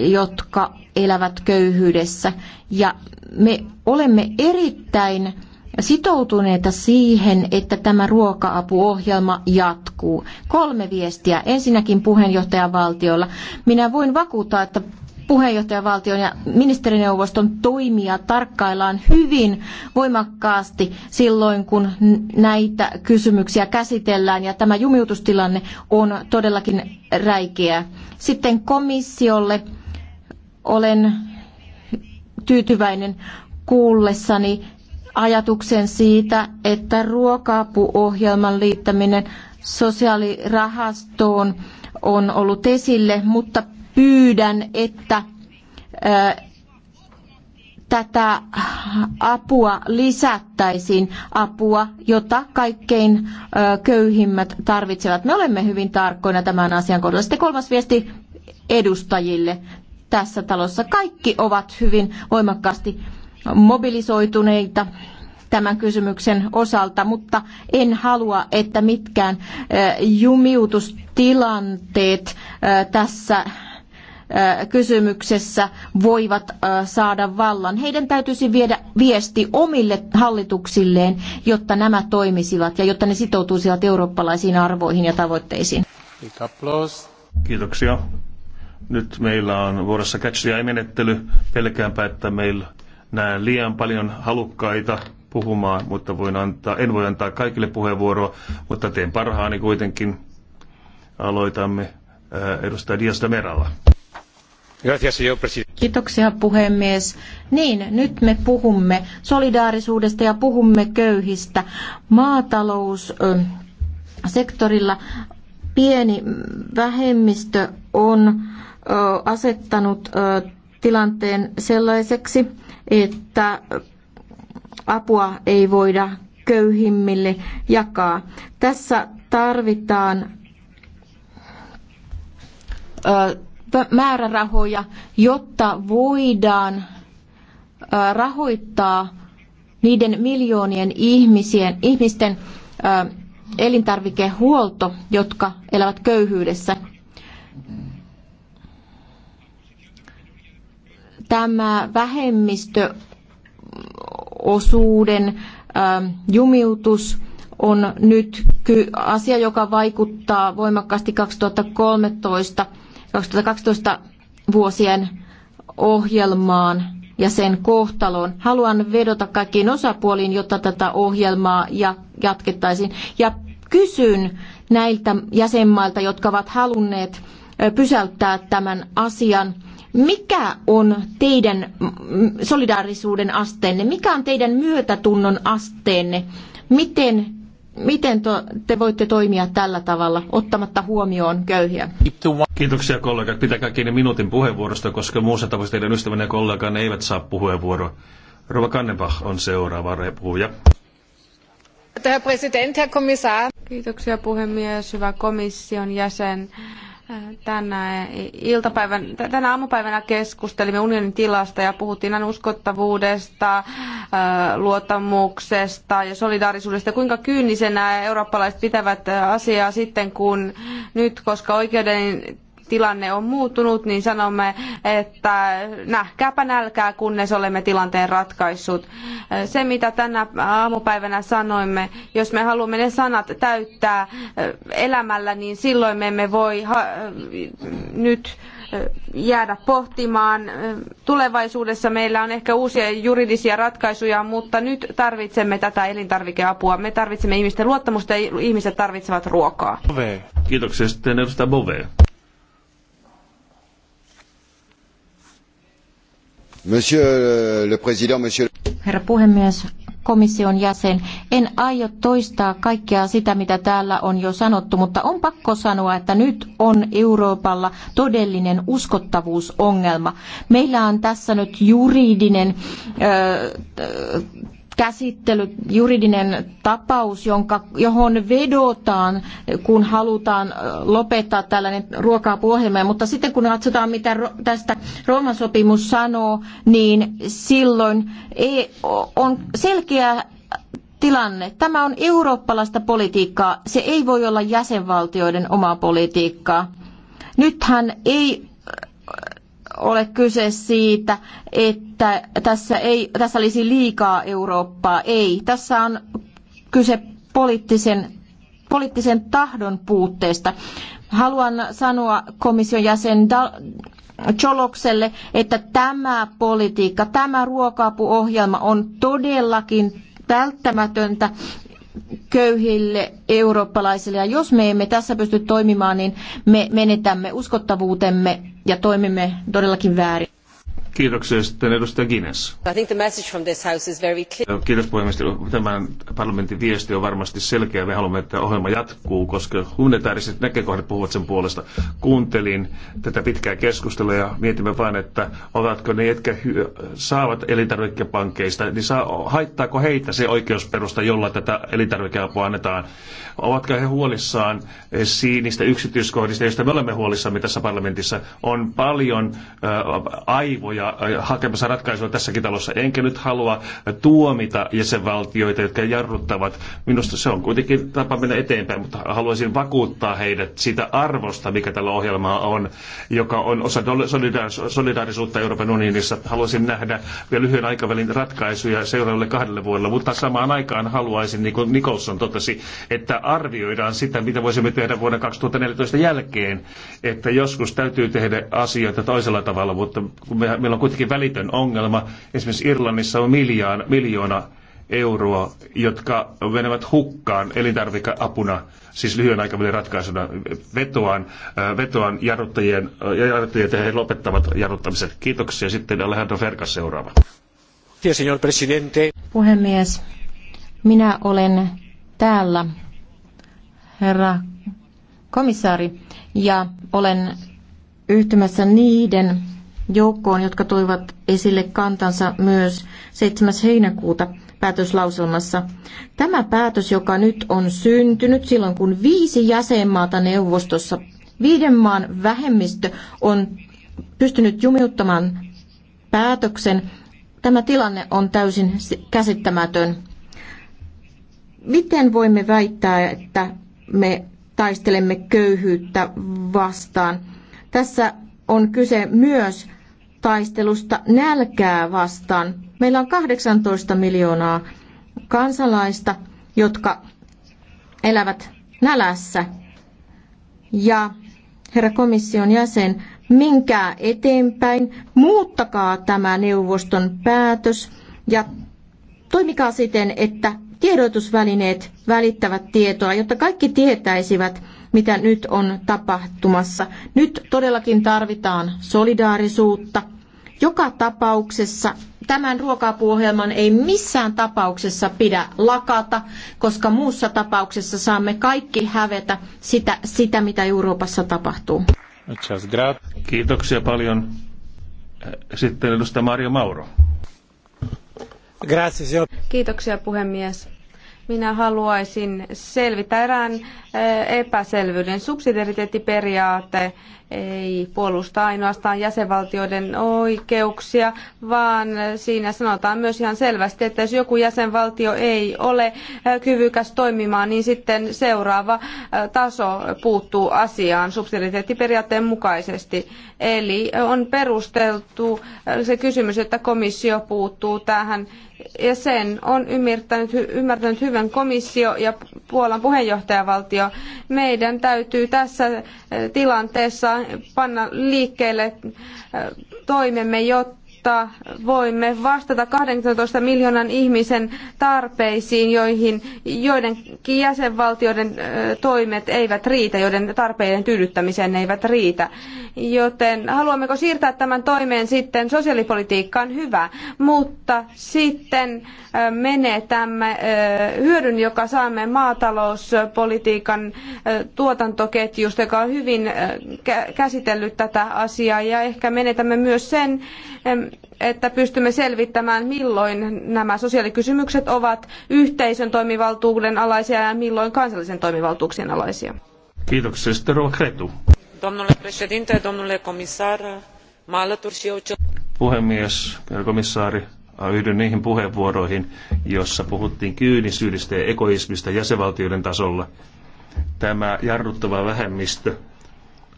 jotka elävät köyhyydessä. Ja me olemme erittäin sitoutuneita siihen, että tämä ruoka-apuohjelma jatkuu. Kolme viestiä. Ensinnäkin puheenjohtajavaltiolla. Minä voin vakuuttaa, että puheenjohtajavaltion ja ministerineuvoston toimia tarkkaillaan hyvin voimakkaasti silloin, kun näitä kysymyksiä käsitellään ja tämä jumiutustilanne on todellakin räikeä. Sitten komissiolle olen tyytyväinen kuullessani ajatuksen siitä, että ruoka-apuohjelman liittäminen sosiaalirahastoon on ollut esille, mutta pyydän, että tätä apua lisättäisiin, apua, jota kaikkein köyhimmät tarvitsevat. Me olemme hyvin tarkkoina tämän asian kohdalla. Sitten kolmas viesti edustajille tässä talossa. Kaikki ovat hyvin voimakkaasti mobilisoituneita tämän kysymyksen osalta, mutta en halua, että mitkään jumiutustilanteet tässä kysymyksessä voivat saada vallan. Heidän täytyisi viedä viesti omille hallituksilleen, jotta nämä toimisivat ja jotta ne sitoutuisivat eurooppalaisiin arvoihin ja tavoitteisiin. Kiitoksia. Nyt meillä on vuorossa catch menettely. Pelkäänpä, että meillä näen liian paljon halukkaita puhumaan, mutta voin antaa, en voi antaa kaikille puheenvuoroa, mutta teen parhaani kuitenkin. Aloitamme edustaja Diasta Meralla. Kiitoksia puhemies. Niin, nyt me puhumme solidaarisuudesta ja puhumme köyhistä. Maataloussektorilla pieni vähemmistö on asettanut tilanteen sellaiseksi, että apua ei voida köyhimmille jakaa. Tässä tarvitaan määrärahoja, jotta voidaan rahoittaa niiden miljoonien ihmisien, ihmisten elintarvikehuolto, jotka elävät köyhyydessä. Tämä vähemmistöosuuden jumiutus on nyt asia, joka vaikuttaa voimakkaasti 2013 2012 vuosien ohjelmaan ja sen kohtaloon. Haluan vedota kaikkiin osapuoliin, jotta tätä ohjelmaa ja jatkettaisiin. Ja kysyn näiltä jäsenmailta, jotka ovat halunneet pysäyttää tämän asian, mikä on teidän solidaarisuuden asteenne, mikä on teidän myötätunnon asteenne, miten Miten te voitte toimia tällä tavalla, ottamatta huomioon köyhiä? Kiitoksia kollegat. Pitäkää kiinni minuutin puheenvuorosta, koska muussa tapauksessa teidän ystävänne ja kolleganne eivät saa puheenvuoroa. Rova Kannenbach on seuraava puhuja. Herr Präsident, Herr Kommissar. Kiitoksia puhemies, hyvä komission jäsen. Tänä, iltapäivän, tänä aamupäivänä keskustelimme unionin tilasta ja puhuttiin aina uskottavuudesta, äh, luottamuksesta ja solidaarisuudesta. Kuinka kyynisenä eurooppalaiset pitävät äh, asiaa sitten, kun nyt, koska oikeuden tilanne on muuttunut, niin sanomme, että nähkääpä nälkää, kunnes olemme tilanteen ratkaissut. Se, mitä tänä aamupäivänä sanoimme, jos me haluamme ne sanat täyttää elämällä, niin silloin me emme voi nyt jäädä pohtimaan. Tulevaisuudessa meillä on ehkä uusia juridisia ratkaisuja, mutta nyt tarvitsemme tätä elintarvikeapua. Me tarvitsemme ihmisten luottamusta ja ihmiset tarvitsevat ruokaa. Kiitoksia sitten edustaja Bove. Monsieur euh, le président, Herra puhemies, komission jäsen. En aio toistaa kaikkea sitä, mitä täällä on jo sanottu, mutta on pakko sanoa, että nyt on Euroopalla todellinen uskottavuusongelma. Meillä on tässä nyt juridinen ö, käsittely, juridinen tapaus, jonka, johon vedotaan, kun halutaan lopettaa tällainen ruoka-apuohjelma. Mutta sitten kun katsotaan, mitä tästä Rooman sopimus sanoo, niin silloin ei, on selkeä tilanne. Tämä on eurooppalaista politiikkaa. Se ei voi olla jäsenvaltioiden omaa politiikkaa. Nythän ei ole kyse siitä, että tässä, ei, tässä olisi liikaa Eurooppaa. Ei. Tässä on kyse poliittisen, poliittisen tahdon puutteesta. Haluan sanoa komission jäsen Cholokselle, että tämä politiikka, tämä ruoka-apuohjelma on todellakin välttämätöntä köyhille eurooppalaisille. Ja jos me emme tässä pysty toimimaan, niin me menetämme uskottavuutemme ja toimimme todellakin väärin. Kiitoksia sitten edustaja Guinness. I think the message from this house is very clear. Kiitos puhemies. Tämän parlamentin viesti on varmasti selkeä. Me haluamme, että ohjelma jatkuu, koska humanitaariset näkökohdat puhuvat sen puolesta. Kuuntelin tätä pitkää keskustelua ja mietimme vain, että ovatko ne, jotka saavat elintarvikepankkeista, niin saa, haittaako heitä se oikeusperusta, jolla tätä elintarvikeapua annetaan? Ovatko he huolissaan niistä yksityiskohdista, joista me olemme huolissamme tässä parlamentissa? On paljon aivoja ja hakemassa ratkaisua tässäkin talossa. Enkä nyt halua tuomita jäsenvaltioita, jotka jarruttavat. Minusta se on kuitenkin tapa mennä eteenpäin, mutta haluaisin vakuuttaa heidät siitä arvosta, mikä tällä ohjelmaa on, joka on osa solidaarisuutta Euroopan unionissa. Haluaisin nähdä vielä lyhyen aikavälin ratkaisuja seuraavalle kahdelle vuodelle, mutta samaan aikaan haluaisin, niin kuin Nikolson totesi, että arvioidaan sitä, mitä voisimme tehdä vuonna 2014 jälkeen, että joskus täytyy tehdä asioita toisella tavalla, mutta meillä on kuitenkin välitön ongelma. Esimerkiksi Irlannissa on miljoona, miljoona euroa, jotka menevät hukkaan elintarvikeapuna, siis lyhyen aikavälin ratkaisuna. Vetoan, äh, vetoan jarruttajien, äh, jarruttajien että he lopettavat jarruttamisen. Kiitoksia. Sitten Alejandro Ferkas seuraava. Puhemies, minä olen täällä, herra komissaari, ja olen yhtymässä niiden joukkoon, jotka toivat esille kantansa myös 7. heinäkuuta päätöslauselmassa. Tämä päätös, joka nyt on syntynyt silloin, kun viisi jäsenmaata neuvostossa, viiden maan vähemmistö on pystynyt jumiuttamaan päätöksen, tämä tilanne on täysin käsittämätön. Miten voimme väittää, että me taistelemme köyhyyttä vastaan? Tässä on kyse myös taistelusta nälkää vastaan. Meillä on 18 miljoonaa kansalaista, jotka elävät nälässä. Ja herra komission jäsen, minkä eteenpäin, muuttakaa tämä neuvoston päätös ja toimikaa siten, että tiedotusvälineet välittävät tietoa, jotta kaikki tietäisivät, mitä nyt on tapahtumassa. Nyt todellakin tarvitaan solidaarisuutta. Joka tapauksessa tämän ruokapuohjelman ei missään tapauksessa pidä lakata, koska muussa tapauksessa saamme kaikki hävetä sitä, sitä mitä Euroopassa tapahtuu. Kiitoksia paljon. Sitten edustaja Mario Mauro. Kiitoksia puhemies. Minä haluaisin selvitä erään eh, epäselvyyden. Subsidiariteettiperiaate ei puolusta ainoastaan jäsenvaltioiden oikeuksia, vaan siinä sanotaan myös ihan selvästi, että jos joku jäsenvaltio ei ole eh, kyvykäs toimimaan, niin sitten seuraava eh, taso puuttuu asiaan subsidiariteettiperiaatteen mukaisesti. Eli on perusteltu se kysymys, että komissio puuttuu tähän ja sen on ymmärtänyt, ymmärtänyt hyvän komissio ja Puolan puheenjohtajavaltio. Meidän täytyy tässä eh, tilanteessa panna liikkeelle eh, toimemme, jotta jotta voimme vastata 18 miljoonan ihmisen tarpeisiin, joihin joidenkin jäsenvaltioiden toimet eivät riitä, joiden tarpeiden tyydyttämiseen ne eivät riitä. Joten haluammeko siirtää tämän toimeen sitten sosiaalipolitiikkaan hyvä, mutta sitten menetämme hyödyn, joka saamme maatalouspolitiikan tuotantoketjusta, joka on hyvin käsitellyt tätä asiaa ja ehkä menetämme myös sen, että pystymme selvittämään, milloin nämä sosiaalikysymykset ovat yhteisön toimivaltuuden alaisia ja milloin kansallisen toimivaltuuksien alaisia. Kiitoksia. Sitten Kretu. Domnule președinte, domnule Puhemies, komissaari, yhdyn niihin puheenvuoroihin, joissa puhuttiin kyynisyydestä ja egoismista jäsenvaltioiden tasolla. Tämä jarruttava vähemmistö,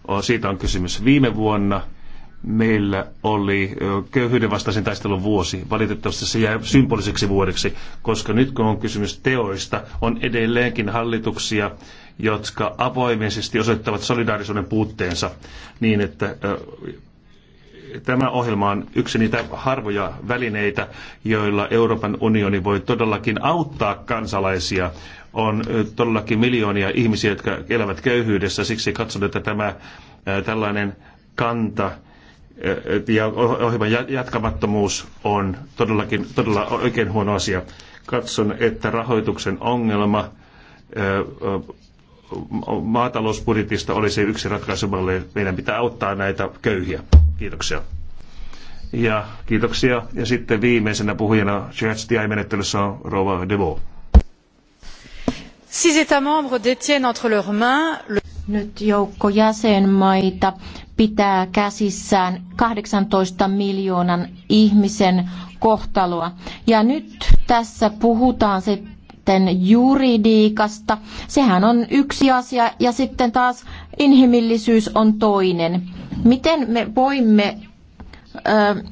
on, siitä on kysymys viime vuonna – meillä oli köyhyyden vastaisen taistelun vuosi. Valitettavasti se jää symboliseksi vuodeksi, koska nyt kun on kysymys teoista, on edelleenkin hallituksia, jotka avoimisesti osoittavat solidaarisuuden puutteensa niin, että tämä ohjelma on yksi niitä harvoja välineitä, joilla Euroopan unioni voi todellakin auttaa kansalaisia. On todellakin miljoonia ihmisiä, jotka elävät köyhyydessä, siksi katson, että tämä tällainen kanta ja ohjelman jatkamattomuus on todellakin todella oikein huono asia. Katson, että rahoituksen ongelma maatalousbudjetista olisi yksi ratkaisumalle, Meidän pitää auttaa näitä köyhiä. Kiitoksia. Ja kiitoksia. Ja sitten viimeisenä puhujana CHDI-menettelyssä on Rova Devo. Six États membres détiennent entre leurs mains le nyt joukko jäsenmaita pitää käsissään 18 miljoonan ihmisen kohtaloa. Ja nyt tässä puhutaan sitten juridiikasta. Sehän on yksi asia ja sitten taas inhimillisyys on toinen. Miten me voimme ö,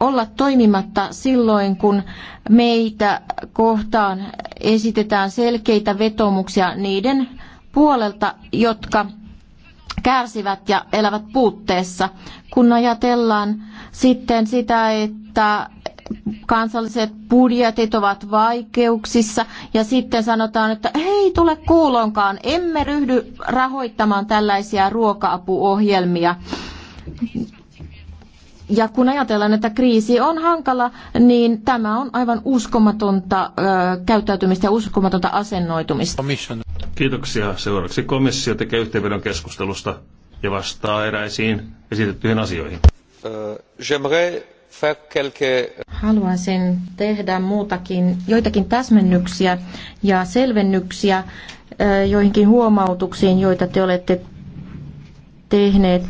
olla toimimatta silloin, kun meitä kohtaan esitetään selkeitä vetomuksia niiden puolelta, jotka kärsivät ja elävät puutteessa. Kun ajatellaan sitten sitä, että kansalliset budjetit ovat vaikeuksissa ja sitten sanotaan, että ei tule kuulonkaan, emme ryhdy rahoittamaan tällaisia ruoka-apuohjelmia. Ja kun ajatellaan, että kriisi on hankala, niin tämä on aivan uskomatonta käyttäytymistä ja uskomatonta asennoitumista. Kiitoksia. Seuraavaksi komissio tekee yhteenvedon keskustelusta ja vastaa eräisiin esitettyihin asioihin. Haluaisin tehdä muutakin, joitakin täsmennyksiä ja selvennyksiä joihinkin huomautuksiin, joita te olette tehneet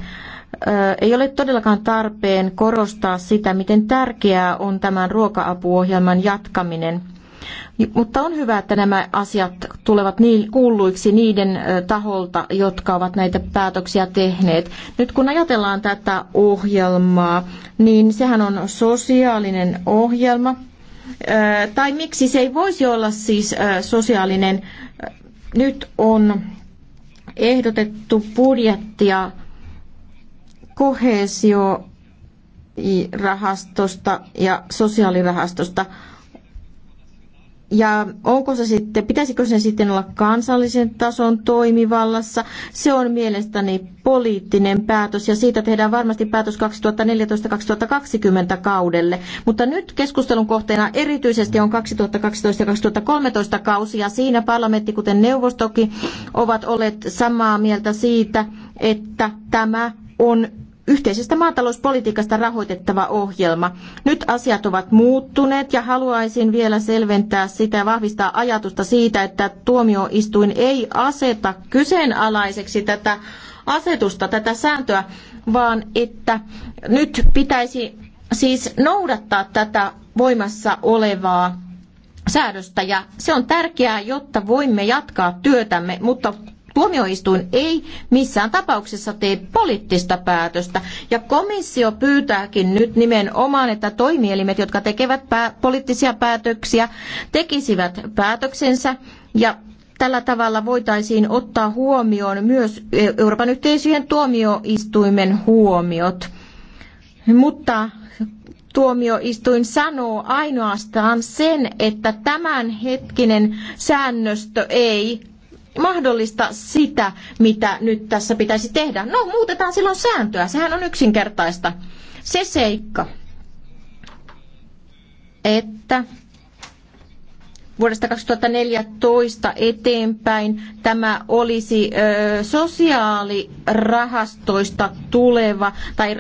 ei ole todellakaan tarpeen korostaa sitä, miten tärkeää on tämän ruoka-apuohjelman jatkaminen. Mutta on hyvä, että nämä asiat tulevat niin kuulluiksi niiden taholta, jotka ovat näitä päätöksiä tehneet. Nyt kun ajatellaan tätä ohjelmaa, niin sehän on sosiaalinen ohjelma. Tai miksi se ei voisi olla siis sosiaalinen? Nyt on ehdotettu budjettia kohesio rahastosta ja sosiaalirahastosta. Ja onko se sitten, pitäisikö sen sitten olla kansallisen tason toimivallassa? Se on mielestäni poliittinen päätös ja siitä tehdään varmasti päätös 2014-2020 kaudelle. Mutta nyt keskustelun kohteena erityisesti on 2012-2013 kausi ja siinä parlamentti, kuten neuvostokin, ovat olleet samaa mieltä siitä, että tämä on yhteisestä maatalouspolitiikasta rahoitettava ohjelma. Nyt asiat ovat muuttuneet ja haluaisin vielä selventää sitä ja vahvistaa ajatusta siitä, että tuomioistuin ei aseta kyseenalaiseksi tätä asetusta, tätä sääntöä, vaan että nyt pitäisi siis noudattaa tätä voimassa olevaa säädöstä ja se on tärkeää, jotta voimme jatkaa työtämme, mutta Tuomioistuin ei missään tapauksessa tee poliittista päätöstä ja komissio pyytääkin nyt nimenomaan, että toimielimet, jotka tekevät poliittisia päätöksiä, tekisivät päätöksensä ja Tällä tavalla voitaisiin ottaa huomioon myös e- Euroopan yhteisöjen tuomioistuimen huomiot. Mutta tuomioistuin sanoo ainoastaan sen, että tämänhetkinen säännöstö ei mahdollista sitä, mitä nyt tässä pitäisi tehdä. No, muutetaan silloin sääntöä. Sehän on yksinkertaista. Se seikka, että vuodesta 2014 eteenpäin tämä olisi ö, sosiaalirahastoista tuleva tai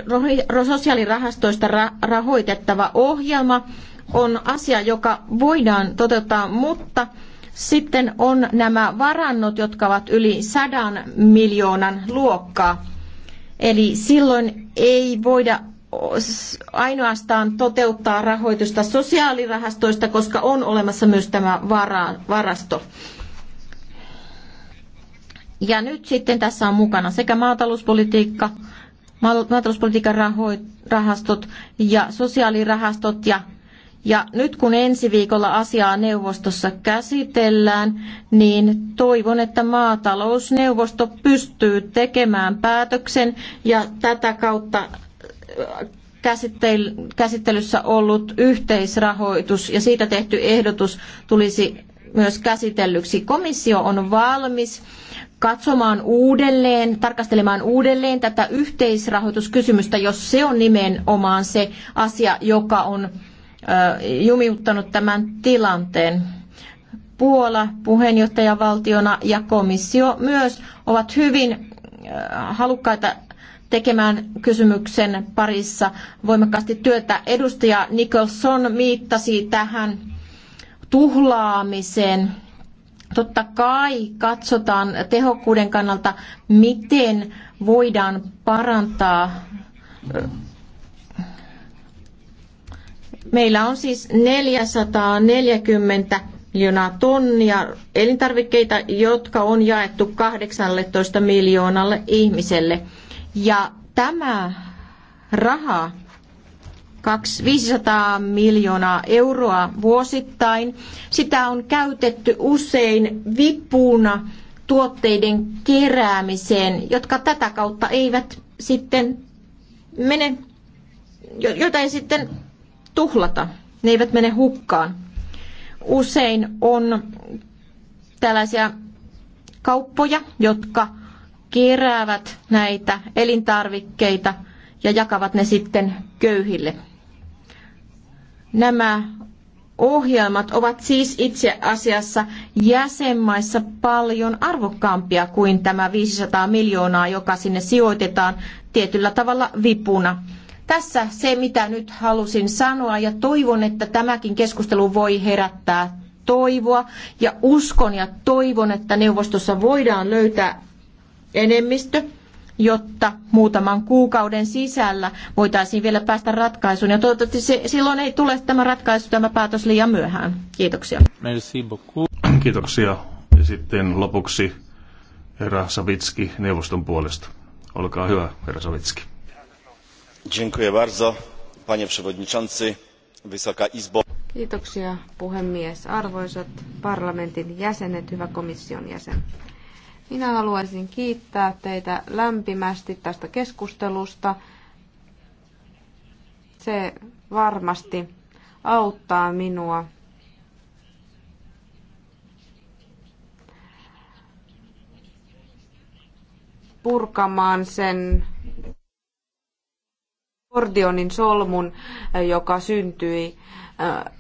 sosiaalirahastoista ra, rahoitettava ohjelma on asia, joka voidaan toteuttaa, mutta sitten on nämä varannot, jotka ovat yli sadan miljoonan luokkaa. Eli silloin ei voida ainoastaan toteuttaa rahoitusta sosiaalirahastoista, koska on olemassa myös tämä varasto. Ja nyt sitten tässä on mukana sekä maatalouspolitiikka, maatalouspolitiikan rahastot ja sosiaalirahastot ja ja nyt kun ensi viikolla asiaa neuvostossa käsitellään, niin toivon, että maatalousneuvosto pystyy tekemään päätöksen ja tätä kautta äh, käsittelyssä ollut yhteisrahoitus ja siitä tehty ehdotus tulisi myös käsitellyksi. Komissio on valmis katsomaan uudelleen, tarkastelemaan uudelleen tätä yhteisrahoituskysymystä, jos se on nimenomaan se asia, joka on jumiuttanut tämän tilanteen. Puola puheenjohtajavaltiona ja komissio myös ovat hyvin halukkaita tekemään kysymyksen parissa voimakkaasti työtä. Edustaja Nicholson viittasi tähän tuhlaamiseen. Totta kai katsotaan tehokkuuden kannalta, miten voidaan parantaa Meillä on siis 440 miljoonaa tonnia elintarvikkeita, jotka on jaettu 18 miljoonalle ihmiselle. Ja tämä raha, 500 miljoonaa euroa vuosittain, sitä on käytetty usein vipuna tuotteiden keräämiseen, jotka tätä kautta eivät sitten mene, joita ei sitten tuhlata. Ne eivät mene hukkaan. Usein on tällaisia kauppoja, jotka keräävät näitä elintarvikkeita ja jakavat ne sitten köyhille. Nämä ohjelmat ovat siis itse asiassa jäsenmaissa paljon arvokkaampia kuin tämä 500 miljoonaa, joka sinne sijoitetaan tietyllä tavalla vipuna tässä se, mitä nyt halusin sanoa ja toivon, että tämäkin keskustelu voi herättää toivoa ja uskon ja toivon, että neuvostossa voidaan löytää enemmistö, jotta muutaman kuukauden sisällä voitaisiin vielä päästä ratkaisuun. Ja toivottavasti se, silloin ei tule tämä ratkaisu, tämä päätös liian myöhään. Kiitoksia. Merci beaucoup. Kiitoksia. Ja sitten lopuksi herra Savitski neuvoston puolesta. Olkaa hyvä, herra Savitski panie przewodniczący! wysoka izbo! kiitoksia puhemies arvoisat parlamentin jäsenet hyvä komission jäsen minä haluaisin kiittää teitä lämpimästi tästä keskustelusta. se varmasti auttaa minua purkamaan sen Kordionin solmun, eh, joka syntyi eh,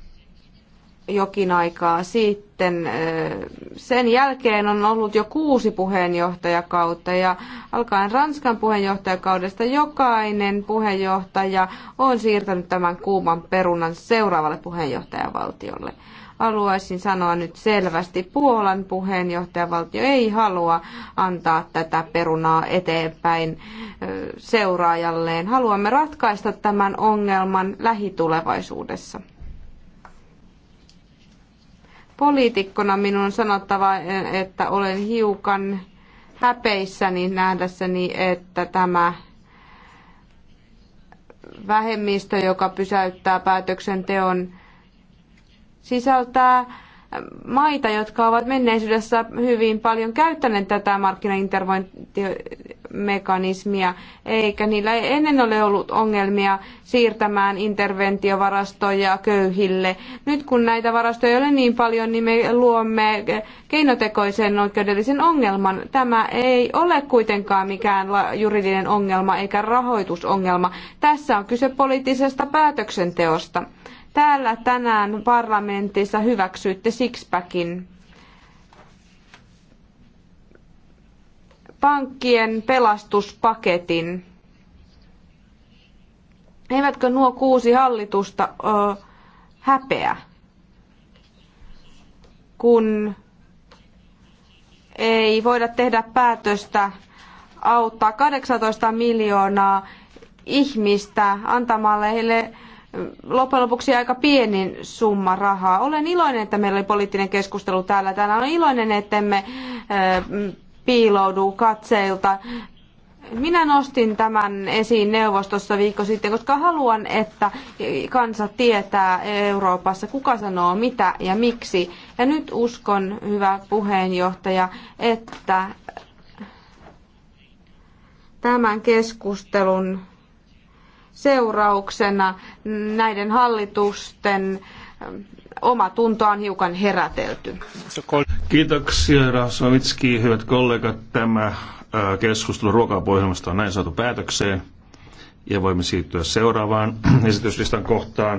jokin aikaa sitten. Eh, sen jälkeen on ollut jo kuusi puheenjohtajakautta ja alkaen Ranskan puheenjohtajakaudesta jokainen puheenjohtaja on siirtänyt tämän kuuman perunan seuraavalle puheenjohtajavaltiolle haluaisin sanoa nyt selvästi, Puolan puheenjohtajavaltio ei halua antaa tätä perunaa eteenpäin seuraajalleen. Haluamme ratkaista tämän ongelman lähitulevaisuudessa poliitikkona minun on sanottava, että olen hiukan häpeissäni nähdessäni, että tämä vähemmistö, joka pysäyttää päätöksenteon, sisältää maita, jotka ovat menneisyydessä hyvin paljon käyttäneet tätä markkinainterventiomekanismia, eikä niillä ei ennen ole ollut ongelmia siirtämään interventiovarastoja köyhille. Nyt kun näitä varastoja ei ole niin paljon, niin me luomme keinotekoisen oikeudellisen ongelman. Tämä ei ole kuitenkaan mikään juridinen ongelma eikä rahoitusongelma. Tässä on kyse poliittisesta päätöksenteosta. Täällä tänään parlamentissa hyväksyitte Sixpackin. Pankkien pelastuspaketin. Eivätkö nuo kuusi hallitusta ö, häpeä, kun ei voida tehdä päätöstä auttaa 18 miljoonaa ihmistä antamalla heille loppujen lopuksi aika pieni summa rahaa. Olen iloinen, että meillä oli poliittinen keskustelu täällä. Täällä on iloinen, että me piiloudu katseilta. Minä nostin tämän esiin neuvostossa viikko sitten, koska haluan, että kansa tietää Euroopassa, kuka sanoo mitä ja miksi. Ja nyt uskon, hyvä puheenjohtaja, että tämän keskustelun seurauksena näiden hallitusten oma tunto on hiukan herätelty. Kiitoksia, Rasovitski, hyvät kollegat. Tämä keskustelu ruokapohjelmasta on näin saatu päätökseen ja voimme siirtyä seuraavaan esityslistan kohtaan.